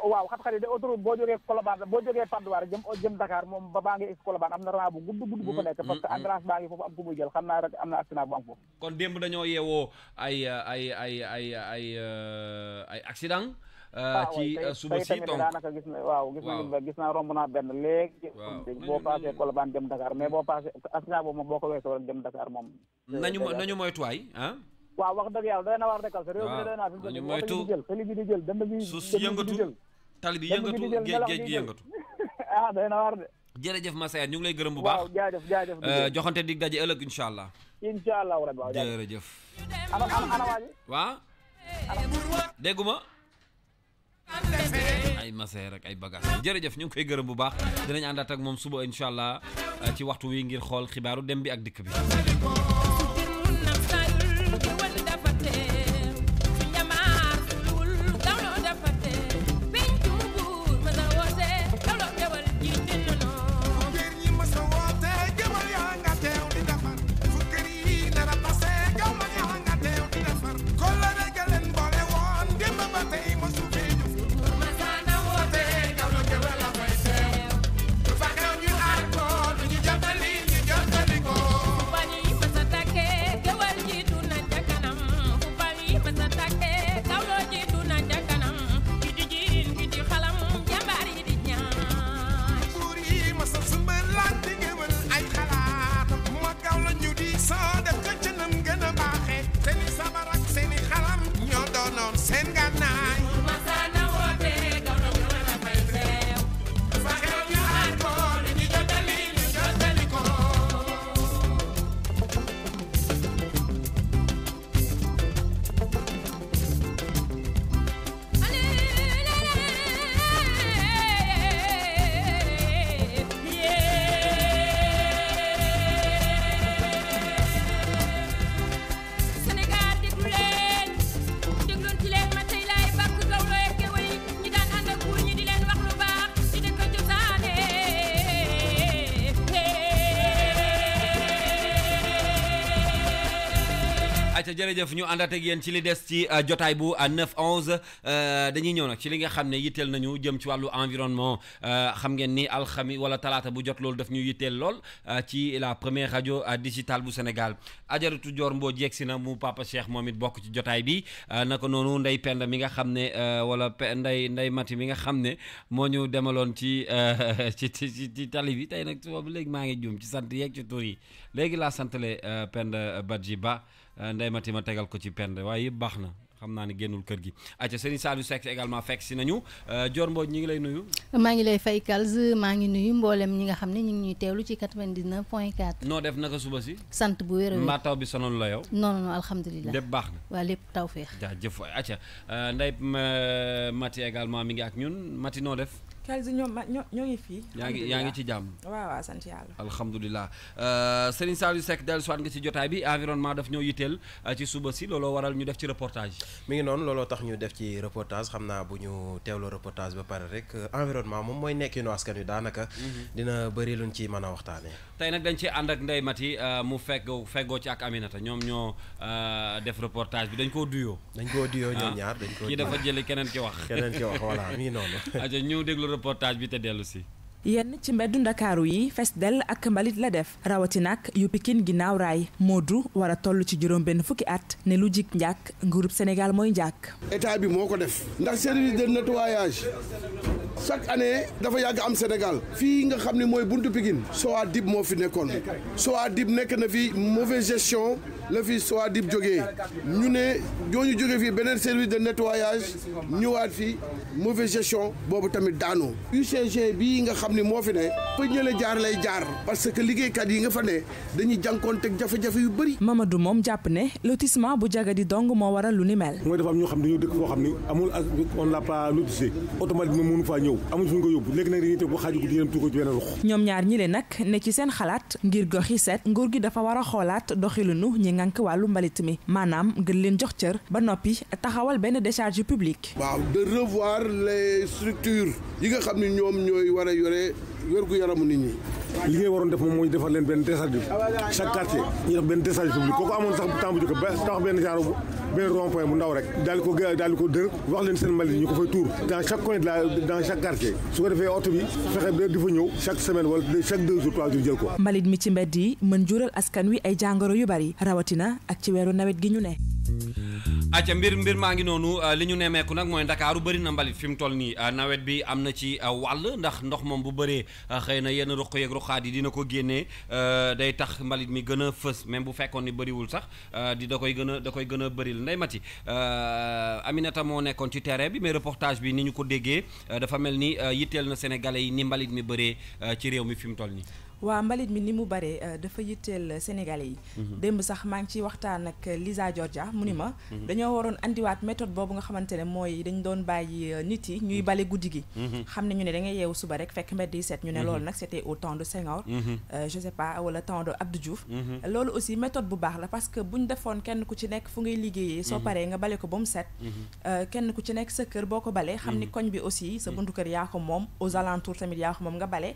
waaw xat-xat de autoroute boo jógee Colobane boo jógee Patte jëm jëm Dakar moom ba baa ngi egg Colobane am na bu gudd gudd bu fa mm, nekk mm, parce que mm. adresse baa ngi foofu am ku muy jël xam naa rek am na accident bu am foofu kon démb dañoo yeewoo ay ay ay ay ay euh, ay accident euh, ah, ci euh, suba si donc daanaka gis na gis na gis naa romb naa benn passé Colobane jëm Dakar mais boo passé accident boobu moom boo ko Dakar moom nañu nañu ah waaw wax dëgg yàlla doy na waar sa réew mi doy na fi mu jël sa li bi di jël jël tali bi yëngatu géej géej ah, jërëjëf Massaya ñu ngi lay gërëm bu baax waaw jaajëf jaajëf euh, joxante dig daje ëllëg incha allah incha jërëjëf ana ay Massaya rek ay bagage jërëjëf ñu koy gërëm bu baax dinañ àndaat ak moom suba incha allah ci waxtu wi ngir xool xibaaru dem bi ak dikk bi jërëjëf ñu àndaat ak yéen ci li des ci euh, jotaay bu 9 euh, 11 euh, dañuy ñëw nag ci li nga xam ne yitteel nañu jëm ci wàllu environnement xam ngeen ni alxami wala talaata bu jot loolu daf ñu yitteel lool ci la première radio digital bu Sénégal ajaratu Dior Mbodj yegsi na mu Papa Cheikh moom it bokk ci jotaay bi naka noonu Ndey Penda mi nga xam ne wala Ndey Ndey Mati mi nga xam ne moo ñu demaloon ci ci ci ci tali bi tey nag suba ba léegi maa ngi juum ci sant yeeg ci tur yi léegi laa santale Penda Badji Ba. Euh, ndey mati ma tegal ko ci pend waaye yëpp baax na xam naa ne génnul kër gi aca Serigne Saliou Seck également fekk si nañu euh, Dior Mbodj ñi ngi lay nuyu maa ngi lay fay Kalz maa ngi nuyu mboolem ñi nga xam ne ñu ngi ñuy teewlu ci 99 point 4 noo def naka suba si sant bu wér mbaa taw bi sonal la yow non non alhamdulilah lépp baax na waa lépp taw feex jaajëf aca euh, ndey mati également mi ngi ak ñun mati noo def Kalsi ñoom ma ñoo ñoo ngi fii. yaa ngi jàmm. waaw waaw sant yàlla. alhamdulilah euh, Serigne Saliou Seck dellusiwaat nga ci jotaay bi environnement daf ñoo yitteel euh, ci suba si looloo waral ñu def ci reportage. mi ngi noonu looloo tax ñu def ci reportage xam naa bu ñu teewloo reportage ba pare rek euh, environnement moom mooy nekkinu askan wi daanaka. Mhm. dina bëri luñ ci mën a waxtaanee. tey nag dañ ci ànd ak Ndeye Mati mu feggoo feggoo ci ak Aminata ñoom ñoo def reportage bi dañ koo duyoo. dañ koo duyoo ñoom ah. ñaar dañ koo. kii dafa jëli keneen ki wax. keneen ki wax voilà mi ngi noonu. reportage bi te dellu si. yenn ci mbeddu ndakaaru yi fes dell ak mbalit la def rawatina nag yu pikin ginnaaw raay Modou war a toll ci juróom benn fukki at ne lu jikk njàkk nguurub Sénégal mooy njàkk. état bi moo ko def ndax service de nettoyage chaque année dafa yàgg am Sénégal fii nga xam ne mooy buntu pikin soo dib moo fi nekkoon soo dib nekk na fi mauvaise gestion. le fils soit Souadib jógee ñu né ñooñu jogé fi benen service de nettoyage ñu wat fi mauvaise gestion bobu tamit daanoo UCG bi nga xamni mo fi né fa ñëlé jaar lay jaar parce que kat yi nga fa ne dañuy ak jafé jafé yu bari Mamadou mom japp né lotissement bu jaga di dong mo wara lu ni mel mooy dafa am ñu xam ne dañoo dëkk foo xam amul on l'a pas lotissé automatiquement mënu fa ñëw amul suñ ko yobbu légui nak dañuy teg bu xaju ko di ñëm tuur ko ci ñom ruq ñoom ñaar ñi le nag ne ci seen xalaat ngir gox yi set nguur gi dafa war a xoolaat doxilinu ngànk wàllu mbalit mi maanaam ngir leen jox cër ba noppi taxawal benn décharge publique. waaw de revoir les structures yi nga xam ne ñoom ñooy war a yore wérgu yaramu nit ñi. li ngay waroon def moom mooy defar leen benn décharge chaque quartier ñu def benn décharge publique bu ba tax benn genre benn rond point bu ndaw rek daal ko daal di ko dër wax leen seen mbalit ñu ko fay tuur dans chaque de la dans chaque quartier su ko defee oto bi fexe di fa ñëw chaque semaine wala chaque deux jours trois jours jël ko. mi ci mbedd yi mën jural askan wi ay jàngoro yu rawatina ak ci weeru nawet gi ñu ne acca mbir mbir maa ngi noonu ah, li ñu nemmeeku nag mooy ndakaaru bëri na mbalit fi mu toll nii ah, nawet bi am na ci ah, wàll ndax ndox moom bu bëree xëy na yenn ruq yeeg ruqaat yi dina ko génnee day tax mbalit mi gën a fës même bu fekkoon ni bëriwul sax di da koy gën a da koy gën a bëril ndey mati Aminata moo nekkoon ci terrain bi mais reportage bi ni ñu ko déggee dafa mel ni yitteel na sénégalais yi ni mbalit mi bëree ci réew mi fi mu toll nii waa mbalit mi ni mu bare euh, dafa yitteel sénégalais yi mhm. démb sax maa ngi ciy waxtaan ak euh, Lisa Georgia mu ni ma mhm. Mhm. dañoo waroon indiwaat méthode boobu nga xamante ne mooy dañ doon bàyyi euh, nit yi ñuy bale guddi gi xam ne ñu ne da ngay yeewu suba rek fekk mbedd yi set ñu ne loolu nag c'était au temps de Senghor je sais pas wala temps de Abdou Diouf loolu aussi méthode bu baax la parce que buñ defoon kenn ku ci nekk fu ngay liggéeyee soo paree nga bale ko ba mu set kenn ku ci nekk sa kër boo ko balee xam ni koñ bi aussi sa buntu kër yaa moom aux tamit yaa moom nga bale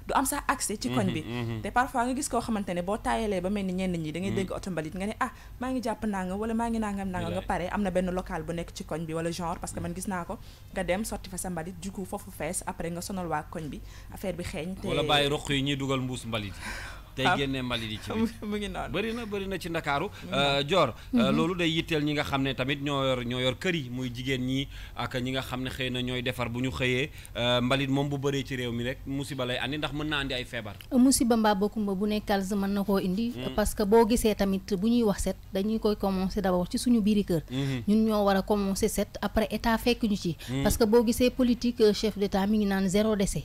du am sax accès ci koñ mhm, bi mhm. te parfois nga gis koo xamante ne boo taayalee ba mel ni ñenn ñi dangay mhm. dégg oto mbalit nga ne ah maa ngi jàpp nanga wala maa ngi nangam nanga nga pare am na benn local bu nekk ci koñ bi wala genre parce que man gis naa ko nga dem sotti fa sa mbalit jugu foofu fees après nga sonal waa koñ bi affaire bi xeeñ te wala bàyyi roq yi ñuy dugal mbuus mbalit tey ah. génne mbalit yi ci mu ngi noonu bëri na bëri na ci ndakaaru euh, Dior euh, mhm. loolu day yitteel ñi nga xam ne tamit ñoo yor ñoo yor kër yi muy jigéen ñi ak ñi nga xam ne xëy na ñooy defar bu ñu xëyee euh, mbalit moom bu bëree ci réew mi rek musiba lay andi ndax mën na andi ay feebar musiba mbaa bokkumba bu nekkal mën na koo indi mhm. parce que boo gisee tamit bu ñuy wax set dañuy koy commencer d'abord ci suñu biiri kër mhm. ñun ñoo war a commencer set après état fekk ñu ci parce que boo gisee politique chef d'état mi ngi naan zéro décès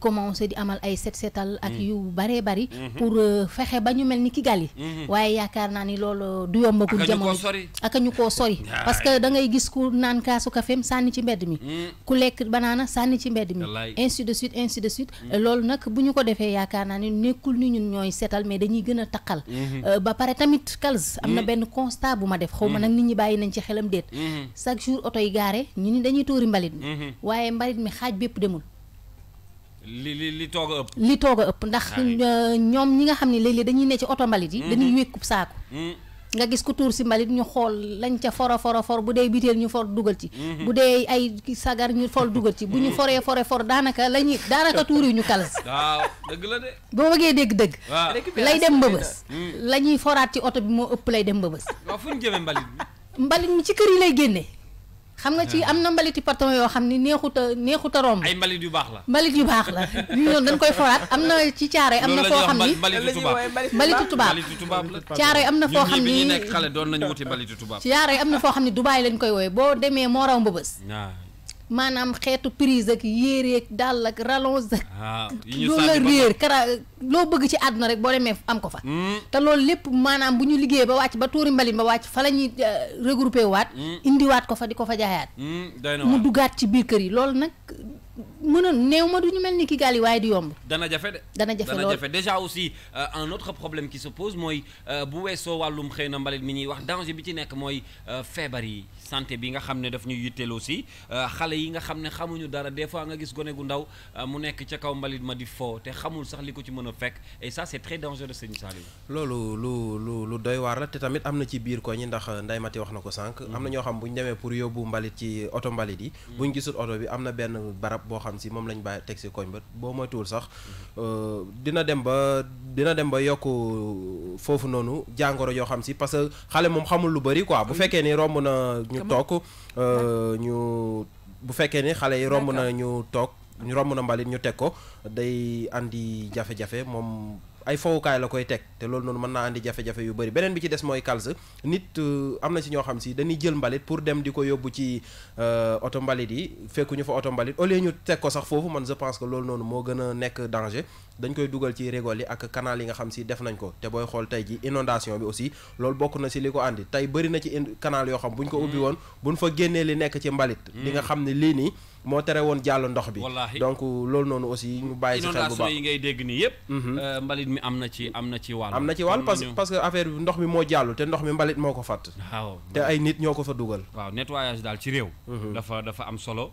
commencer di amal ay set setal ak yu baree bari Mhm. pour euh, fexe ba ñu mel ni kii yi mhm. waaye yaakaar naa ni loolu du yombagul jamono aka ñu ko sori parce que da ngay gis ku naan kaasu kafeem sànni ci mbedd mi mhm. ku lekk banaana sànni ci mbedd mi ainsi de suite ainsi de suite loolu nag bu ñu ko defee yaakaar naa ni nekkul ni ñun ñooy seetal mais dañuy gën a taqal euh, ba pare tamit Kals am na benn constat bu ma def xaw ma nag nit ñi bàyyi nañ ci xelam déet chaque jour oto yi gaare ñu ni dañuy tuuri mbalit mi waaye mbalit mi xaaj bépp demul li li li toog a ëpp. li toog ëpp ndax ñoom ñi nga xam ne léeg-léeg dañuy ne ci auto mbalit yi. Mm-hmm. dañuy wékkub saako. Mm-hmm. nga gis ku tuur si mbalit ñu xool lañ ca foro foro for bu dee biteel ñu for dugal ci mm-hmm. bu dee ay sagar ñu for dugal ci bu ñu foree fore for daanaka la ñuy daanaka tuur yu ñu kalas waaw dëgg la de boo bëggee dégg dëgg lay dem mbëbës la ñuy foraat ci oto bi moo ëpp lay dem mbëbës waaw fu ñu jëmee mbalit mi mbalit mi ci kër yi lay génnee xam nga ci am na mbaliti patron yoo xam ni neexut a neexut romb. ay mbalit yu baax la. mbalit yu baax la ñu ñoon dañ koy foraat am na ci caare am na foo xam ni mbalitu tubaab caare am na foo xam ni ñi bi ñuy nekk xale doon nañu wuti mbalitu tubaab am na foo xam ni Dubaay lañ koy wooye boo demee moo raw mbëbës manam xeetu prise ak yéereeg dàll ak rallonge ak. Ah, loolu la réer kara loo bëgg ci àdduna rek boo demee am ko fa. Hmm. te loolu lépp maanaam bu ñu ba ba ba fa la euh, waat. Hmm. ko fa hmm, ki de. dana déjà aussi euh, un autre problème qui se pose mooy euh, bu weesoo wàllum mi santé bi nga xam ne daf ñu yitteel aussi euh, xale yi nga xam ne xamuñu dara des fois nga gis gone gu ndaw euh, mu nekk ca kaw mbalit ma di foo te xamul sax li ko ci mën a fekk et ça c'est très dangereux sëñ Saliou loolu lu lu lu doy waar la te tamit am na ci biir ko ñi ndax Ndeye Mati wax na ko sànq mm-hmm. am na ñoo xam bu ñu demee pour yóbbu mbalit ci oto mbalit yi mm-hmm. bu ñu gisul oto bi am na benn barab boo xam si moom lañ bàyyi teg si koñ ba boo moytuwul sax mm-hmm. euh, dina dem ba dina dem ba yokk foofu noonu jàngoro yoo xam si que xale moom xamul lu bëri ñu toog euh, ñu bu fekkee ni xale yi romb na ñu toog romb na mbalit ñu teg ko day àndi jafe-jafe moom ay fowukaay la koy teg te loolu noonu mën naa andi jafe-jafe yu bëri beneen bi ci des mooy calze nit euh, am na si ñoo xam si dañuy jël mbalit pour dem di ko yóbbu ci euh, oto mbalit yi ñu fa oto mbalit au ñu teg ko sax foofu man je pense que loolu noonu moo gën a nekk danger dañ koy dugal ci rigole yi ak kanaal yi nga xam si def nañ ko te booy xool tey ji inondation bi aussi loolu bokk na si li ko andi tey bëri na ci ind kanaal yoo xam buñ ko ubbi mm. woon buñ fa génnee li nekk ci mbalit li nga mm. xam ne lii nii moo tere woon jàll ndox bi. donc loolu noonu aussi ñu bàyyi si xel bu baax yi ngay dégg nii yëpp. Mhm. Euh, mbalit mi am na ci am na ci wàll. am na ci wàll parce parce que affaire bi ndox mi moo jàll te ndox mi mbalit moo ko fàtt. te ay nit ñoo ko fa dugal. waaw nettoyage daal ci réew. Mhm. dafa dafa am solo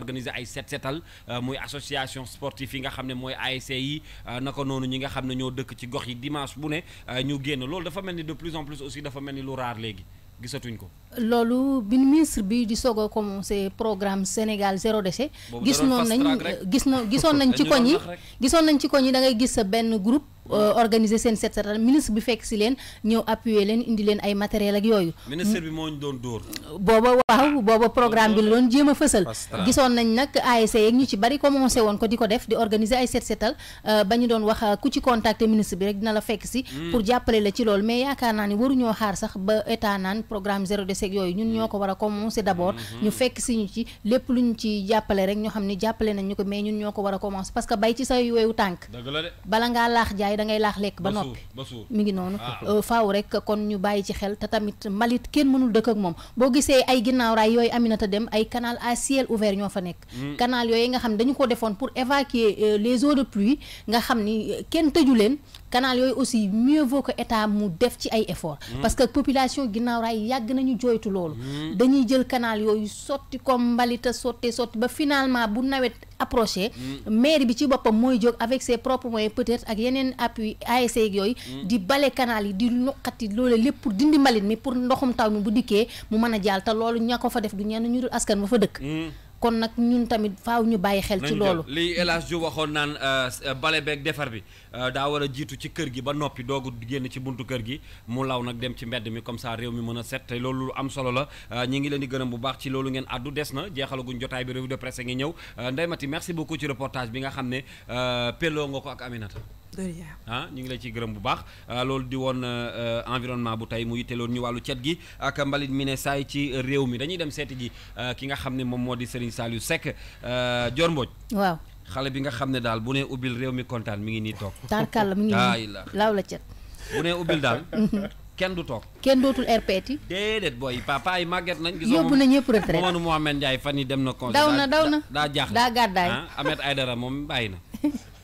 organiser ay set setal euh, moy association sportive yi nga xamné moy mooy euh, nako nonu ñi nga xamné ñoo dëkk ci gox yi dimanche bu né euh, ñu génn lool dafa melni de plus en plus aussi dafa melni ni lu raar léegi gisatuñ ko. loolu bi ministre bi di sogo commencé programme Sénégal zéro déchet. gis non nañ gis noon gisoon nañ ci koñ yi gisoon nañ ci koñ yi da ngay gis sa benn groupe. Euh, organiser sen set set ministre bi fekk ci len ñeu appuyer len indi len ay matériel ak yoyu ministre bi mo ñu doon door bobo waaw bobo programme bi loon jema feussal gisoon nañ nak ASC ak ñu ci bari commencé woon ko diko def di organiser ay set setal euh, bañu doon wax euh, ku ci contacter ministre bi rek dina la fekk ci hmm. pour jappalé la ci lool mais yaakaar naa ni ñoo xaar sax ba état nan programme zéro sec yoyu ñun ñoo ko war a commencer d'abord hmm. ñu fekk ci ñu ci lepp luñ ci jappalé rek ñu xamni jappalé nañ ñuko mais ñun ñoko wara commencer parce que bay ci say weewu tànk bala nga laax jaay da ngay laax lekk ba noppi mi ngi noonu ah. euh, faaw rek kon ñu bàyyi ci xel te tamit mbalit kenn mënul dëkk ak moom boo gisee ay ginnaaw raay yooyu a dem ay canal à ciel ouvert ñoo fa nekk mm. canal yooyu nga xam ne dañu ko defoon pour évacuer euh, les eaux de pluie nga xam ni euh, kenn tëju leen kanaal yooyu aussi mieux vaut que état mu def ci ay effort mm. parce que population ginnaaw raay yàgg nañu jooytu loolu mm. dañuy jël kanaal yooyu sotti comme mbalita sotti sotti ba finalement bu nawet approché mm. maire bi ci boppam mooy jóg avec ses propres moyens être ak yeneen appui ASC yooyu di bale kanaal yi di nuqati loolu lépp pour dindi mbalit mi pour ndoxum taw mi bu dikkee mu mën a jàll te loolu ña ko fa def du ñenn ñu dul askan ba fa dëkk kon nag ñun tamit faaw ñu bàyyi xel ci loolu li El Hadj Diouf waxoon naan euh, bale beeg defar bi euh, daa war a jiitu ci kër gi ba noppi doogu génn ci buntu kër gi mu law nag dem ci mbedd mi comme ça réew mi mën a set te loolu lu am solo la euh, ñi ngi leen di gërëm bu baax ci loolu ngeen addu des na jeexalaguñ jotaay bi revue de presse ngi ñëw Ndeye Mati merci beaucoup ci reportage bi nga xam ne peloo nga ko ak aminat ah ñu ngi la ci gërëm bu baax ah, loolu di woon euh, environnement bu tey mu yitteloon ñu wàllu cet gi ak mbalit mi ne saay ci réew mi dañuy dem seeti ji euh, ki nga xam ne moom moo di Serigne Saliou Seck euh, Dior Mbodj waaw xale bi nga xam ne daal bu ne ubbil réew mi kontaan mi ngi nii toog tarkal mi ngi nii laaw la cet bu ne ubbil daal mhm. kenn du toog kenn dootul rpt déedéet booy papa yi màgget nañ gisoo yóbbu na ñëpp retraite moonu Mohamed Ndiaye fan yi dem na conseil daw na daw na daa jaax daa gàddaay ah, Ahmed moom bàyyi na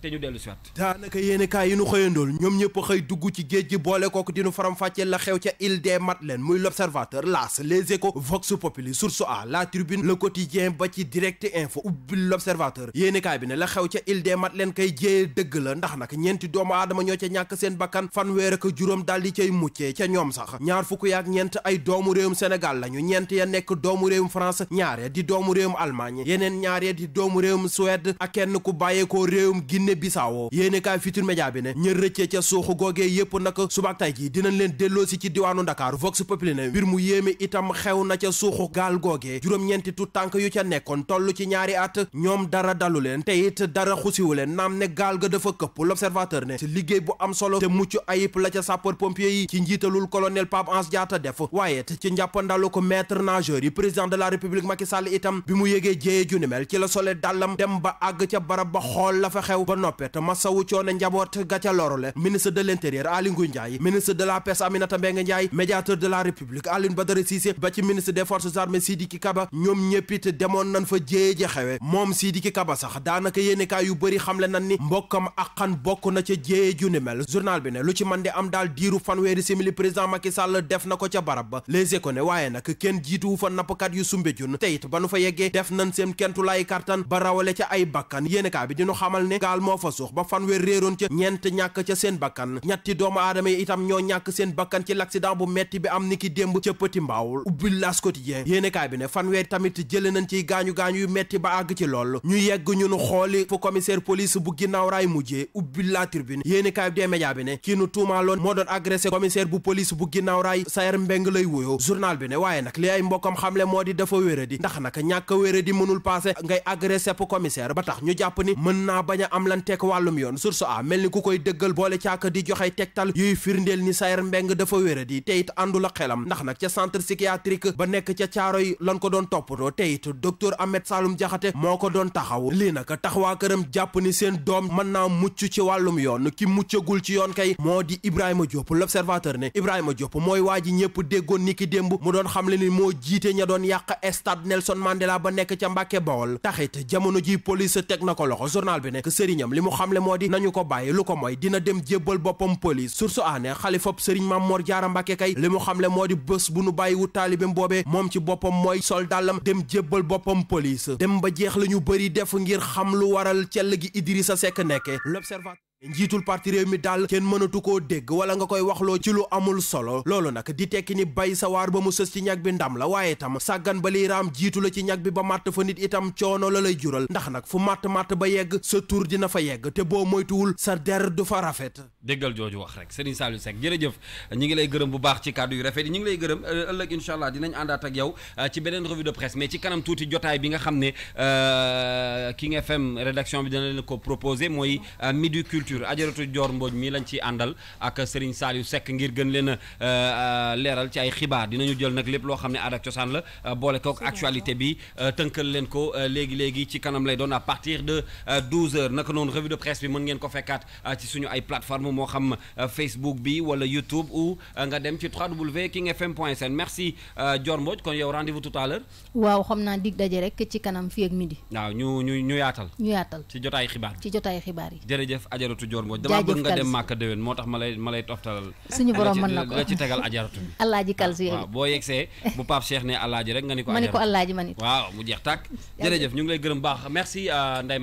te ñu dellu si waat daanaka yéen kaay yi nu xëyandool ñoom ñëpp xëy dugg ci géej gi boole kooku dinu faram-fàccee la xew ca île des leen muy l'observateur L'As Les Échos Vox Populi Source A La Tribune Le Quotidien ba ci Direct Info ubbi l'observateur yéen kaay bi ne la xew ca île des leen kay jéyee dëgg la ndax nag ñeenti doomu aadama ñoo ca ñàkk seen bakkan fanweer ak juróom daal di cay muccee ca ñoom sax ñaar fukk yaak ñeent ay doomu réewum Sénégal lañu ñeent ya nekk doomu réewum France ñaar ya di doomu réewum Allemagne yeneen ñaar ya di doomu réewum Suède ak kenn ku bàyyeekoo réewum Guinée Guinée Bissau yéene kaay futur média bi ne ña rëccee ca suuxu googee yépp nag subaak ji dinañ leen delloosi ci diwaanu Dakar Vox Populi ne mbir mu yéeme itam xew na ca suuxu gaal googee juróom-ñeenti tànk yu ca nekkoon toll ci ñaari at ñoom dara dalu leen te dara xusiwu leen naam ne gaal ga dafa këpp l'observateur ne si liggéey bu am solo te mucc ayib la ca sapeur pompier yi ci njiitalul colonel Pape Anse Diatta def waaye ci njàppandalu ko maître nageur yi président de la république Macky Sall itam bi mu yégee la sole dàllam dem ba àgg noppee te masawu coono njaboot ga ca lorule ministre de l'intérieur Aly Ngouille Ndiaye ministre de la pêche a Mbengue Ndiaye médiateur de la république Alioune Badara Cissé ba ci ministre des forces armées Sidiki Kaba ñoom ñëpp demoon nañ fa jéye ja xewe moom Sidiki Kaba sax daanaka yéenekaay yu bëri xamle nan ni mbokkam aqan bokk na ca jéye ju mel journal bi ne lu ci man di am daal diiru fanweeri simili président Macky Sall def na ko ca barab moo fa suux ba fanweer réeroon ca ñeent ñàkk ca seen bakkan ñetti doomu aadama yi itam ñoo ñàkk seen bakkan ci l'accident bu metti bi am ni ki démb ca Petit Mbao ubbi L'As Quotidien yéenekaay bi ne fanweer tamit jële nañ ciy gaañu-gaañu yu metti ba àgg ci lool ñu yegg ñun xooli fu commissaire police bu ginnaaw raay mujjee ubbi La Tribune yéenekaay bi dee média bi ne kii nu tuumaaloon moo doon agressé commissaire bu bu ginnaaw raay Sayer Mbeng lay wuyoo a anteek wàllum yoon source a mel ni ku koy dëggal boole caaka di joxe tegtal yuy firndeel ni Sayer Mbeng dafa wéradi te it àndul ak xelam ndax nag ca centre psychiatrique ba nekk ca caaro yi lan ko doon toppatoo te it docteur Ahmed Saloum Diakhaté moo ko doon taxaw li nag tax waa këram jàpp ni seen doom mën naa mucc ci wàllum yoon ki muccagul ci yoon kay moo di Ibrahima Diop l'observateur ne Ibrahima Diop mooy waa ji ñëpp déggoon ni ki démb mu doon xamle ni moo jiite ña doon yàq stade Nelson Mandela ba nekk ca Mbàkke Bawol taxit jamono ji police teg na ko loxo journal bi nekk li mu xamle moo di nañu ko bàyyi lu ko mooy dina dem jébbal boppam police source aané xalifop sëriñ Maam Mor Jaara Mbàkke kay li mu xamle moo di bés bu nu bàyyiwu taalibeem boobee moom ci boppam mooy sol dàllam dem jébbal boppam police dem ba jeex la ñu bëri def ngir xam lu waral cell gi sa Seck nekke l'observateur njiitul parti réew mi daal kenn mënatu koo dégg wala nga koy waxloo ci lu amul solo loolu nag di tekki ni bay sa waar ba mu sës ci ñag bi ndam la waaye tam sàggan ba liy raam jiitu la ci ñag bi ba màtt fa nit itam coono la lay jural ndax nag fu màtt màtt ba yegg sa tur dina fa yegg te boo moytuwul sa der du fa rafet déggal jooju wax rek Serigne Saliou Seck jërëjëf ñi ngi lay gërëm bu baax ci kàddu yu rafet yi ñu ngi lay gërëm euh, ëllëg incha allah dinañ àndaat ak yow euh, ci beneen de presse mais ci kanam tuuti jotaay bi nga xam ne euh, King FM rédaction bi dina leen ko proposé mooy midi culture ajaratu Dior Mbodj mii lañ ciy àndal ak Serigne Saliou Seck ngir gën leen a euh, euh, leeral ci ay xibaar dinañu jël nag lépp loo xam ne aada ak cosaan la euh, boole kook actualité bi tënkal leen ko léegi léegi ci kanam lay doon à partir de 12h naka noonu revue de presse bi mën ngeen ko fekkaat ci suñu ay plateforme moo xam Facebook bi wala YouTube ou nga dem ci www.kingfm.sn merci Dior Mbodj kon yow rendez-vous tout à l'heure waaw xam naa dig daje rek ci waaw ñu ñu ñu ci jotaayu xibaar. ci jotaayu xibaar yi. jërëjëf ajaratu joor ngooj damaa bëgg nga dem màkka déwén moo tax ma lay ma lay toftalal suñu borom mën na ko la ci tegal ajaratu allaaji kalsu waaw boo yegsee bu Pape Cheikh ne allaaji rek nga ni ko ma ni ko allaaji ma ni waaw mu jeex tàkk jërëjëf ñu ngi gërëm baax merci euh, Ndeye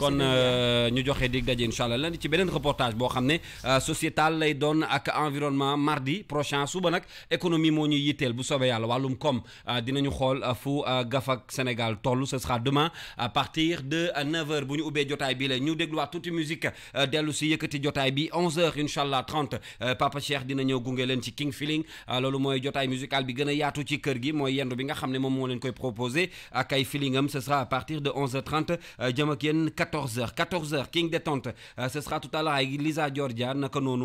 kon euh, ñu joxe dig daje incha allah lan ci benen reportage bo xamné ne euh, sociétal lay doon ak environnement mardi prochain suba nak économie mo ñuy yitteel bu soobee yalla walum koom euh, dinañu xol fu gafak Sénégal tollu ce sera demain à partir de 9h bu ñu ubé jotaay bi la ñu dégluwaat toute musique delu ci yëkëti jotaay bi 11h inshallah 30 Papa Cheikh dina ñëw gunge leen ci King Feeling lolu moy jotaay musical bi gëna yaatu ci kër gi moy yendu bi nga xamné mom mo moo leen koy proposer ak ay feeling am ce sera à partir de 11h30 jëm ak 14h 14h King Détente euh, ce sera tout à l'heure avec Lisa Georgia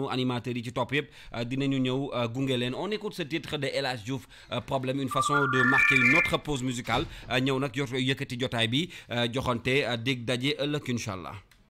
animateur de Top Top on écoute ce titre de El euh, problème une façon de marquer une autre pause musicale euh, dig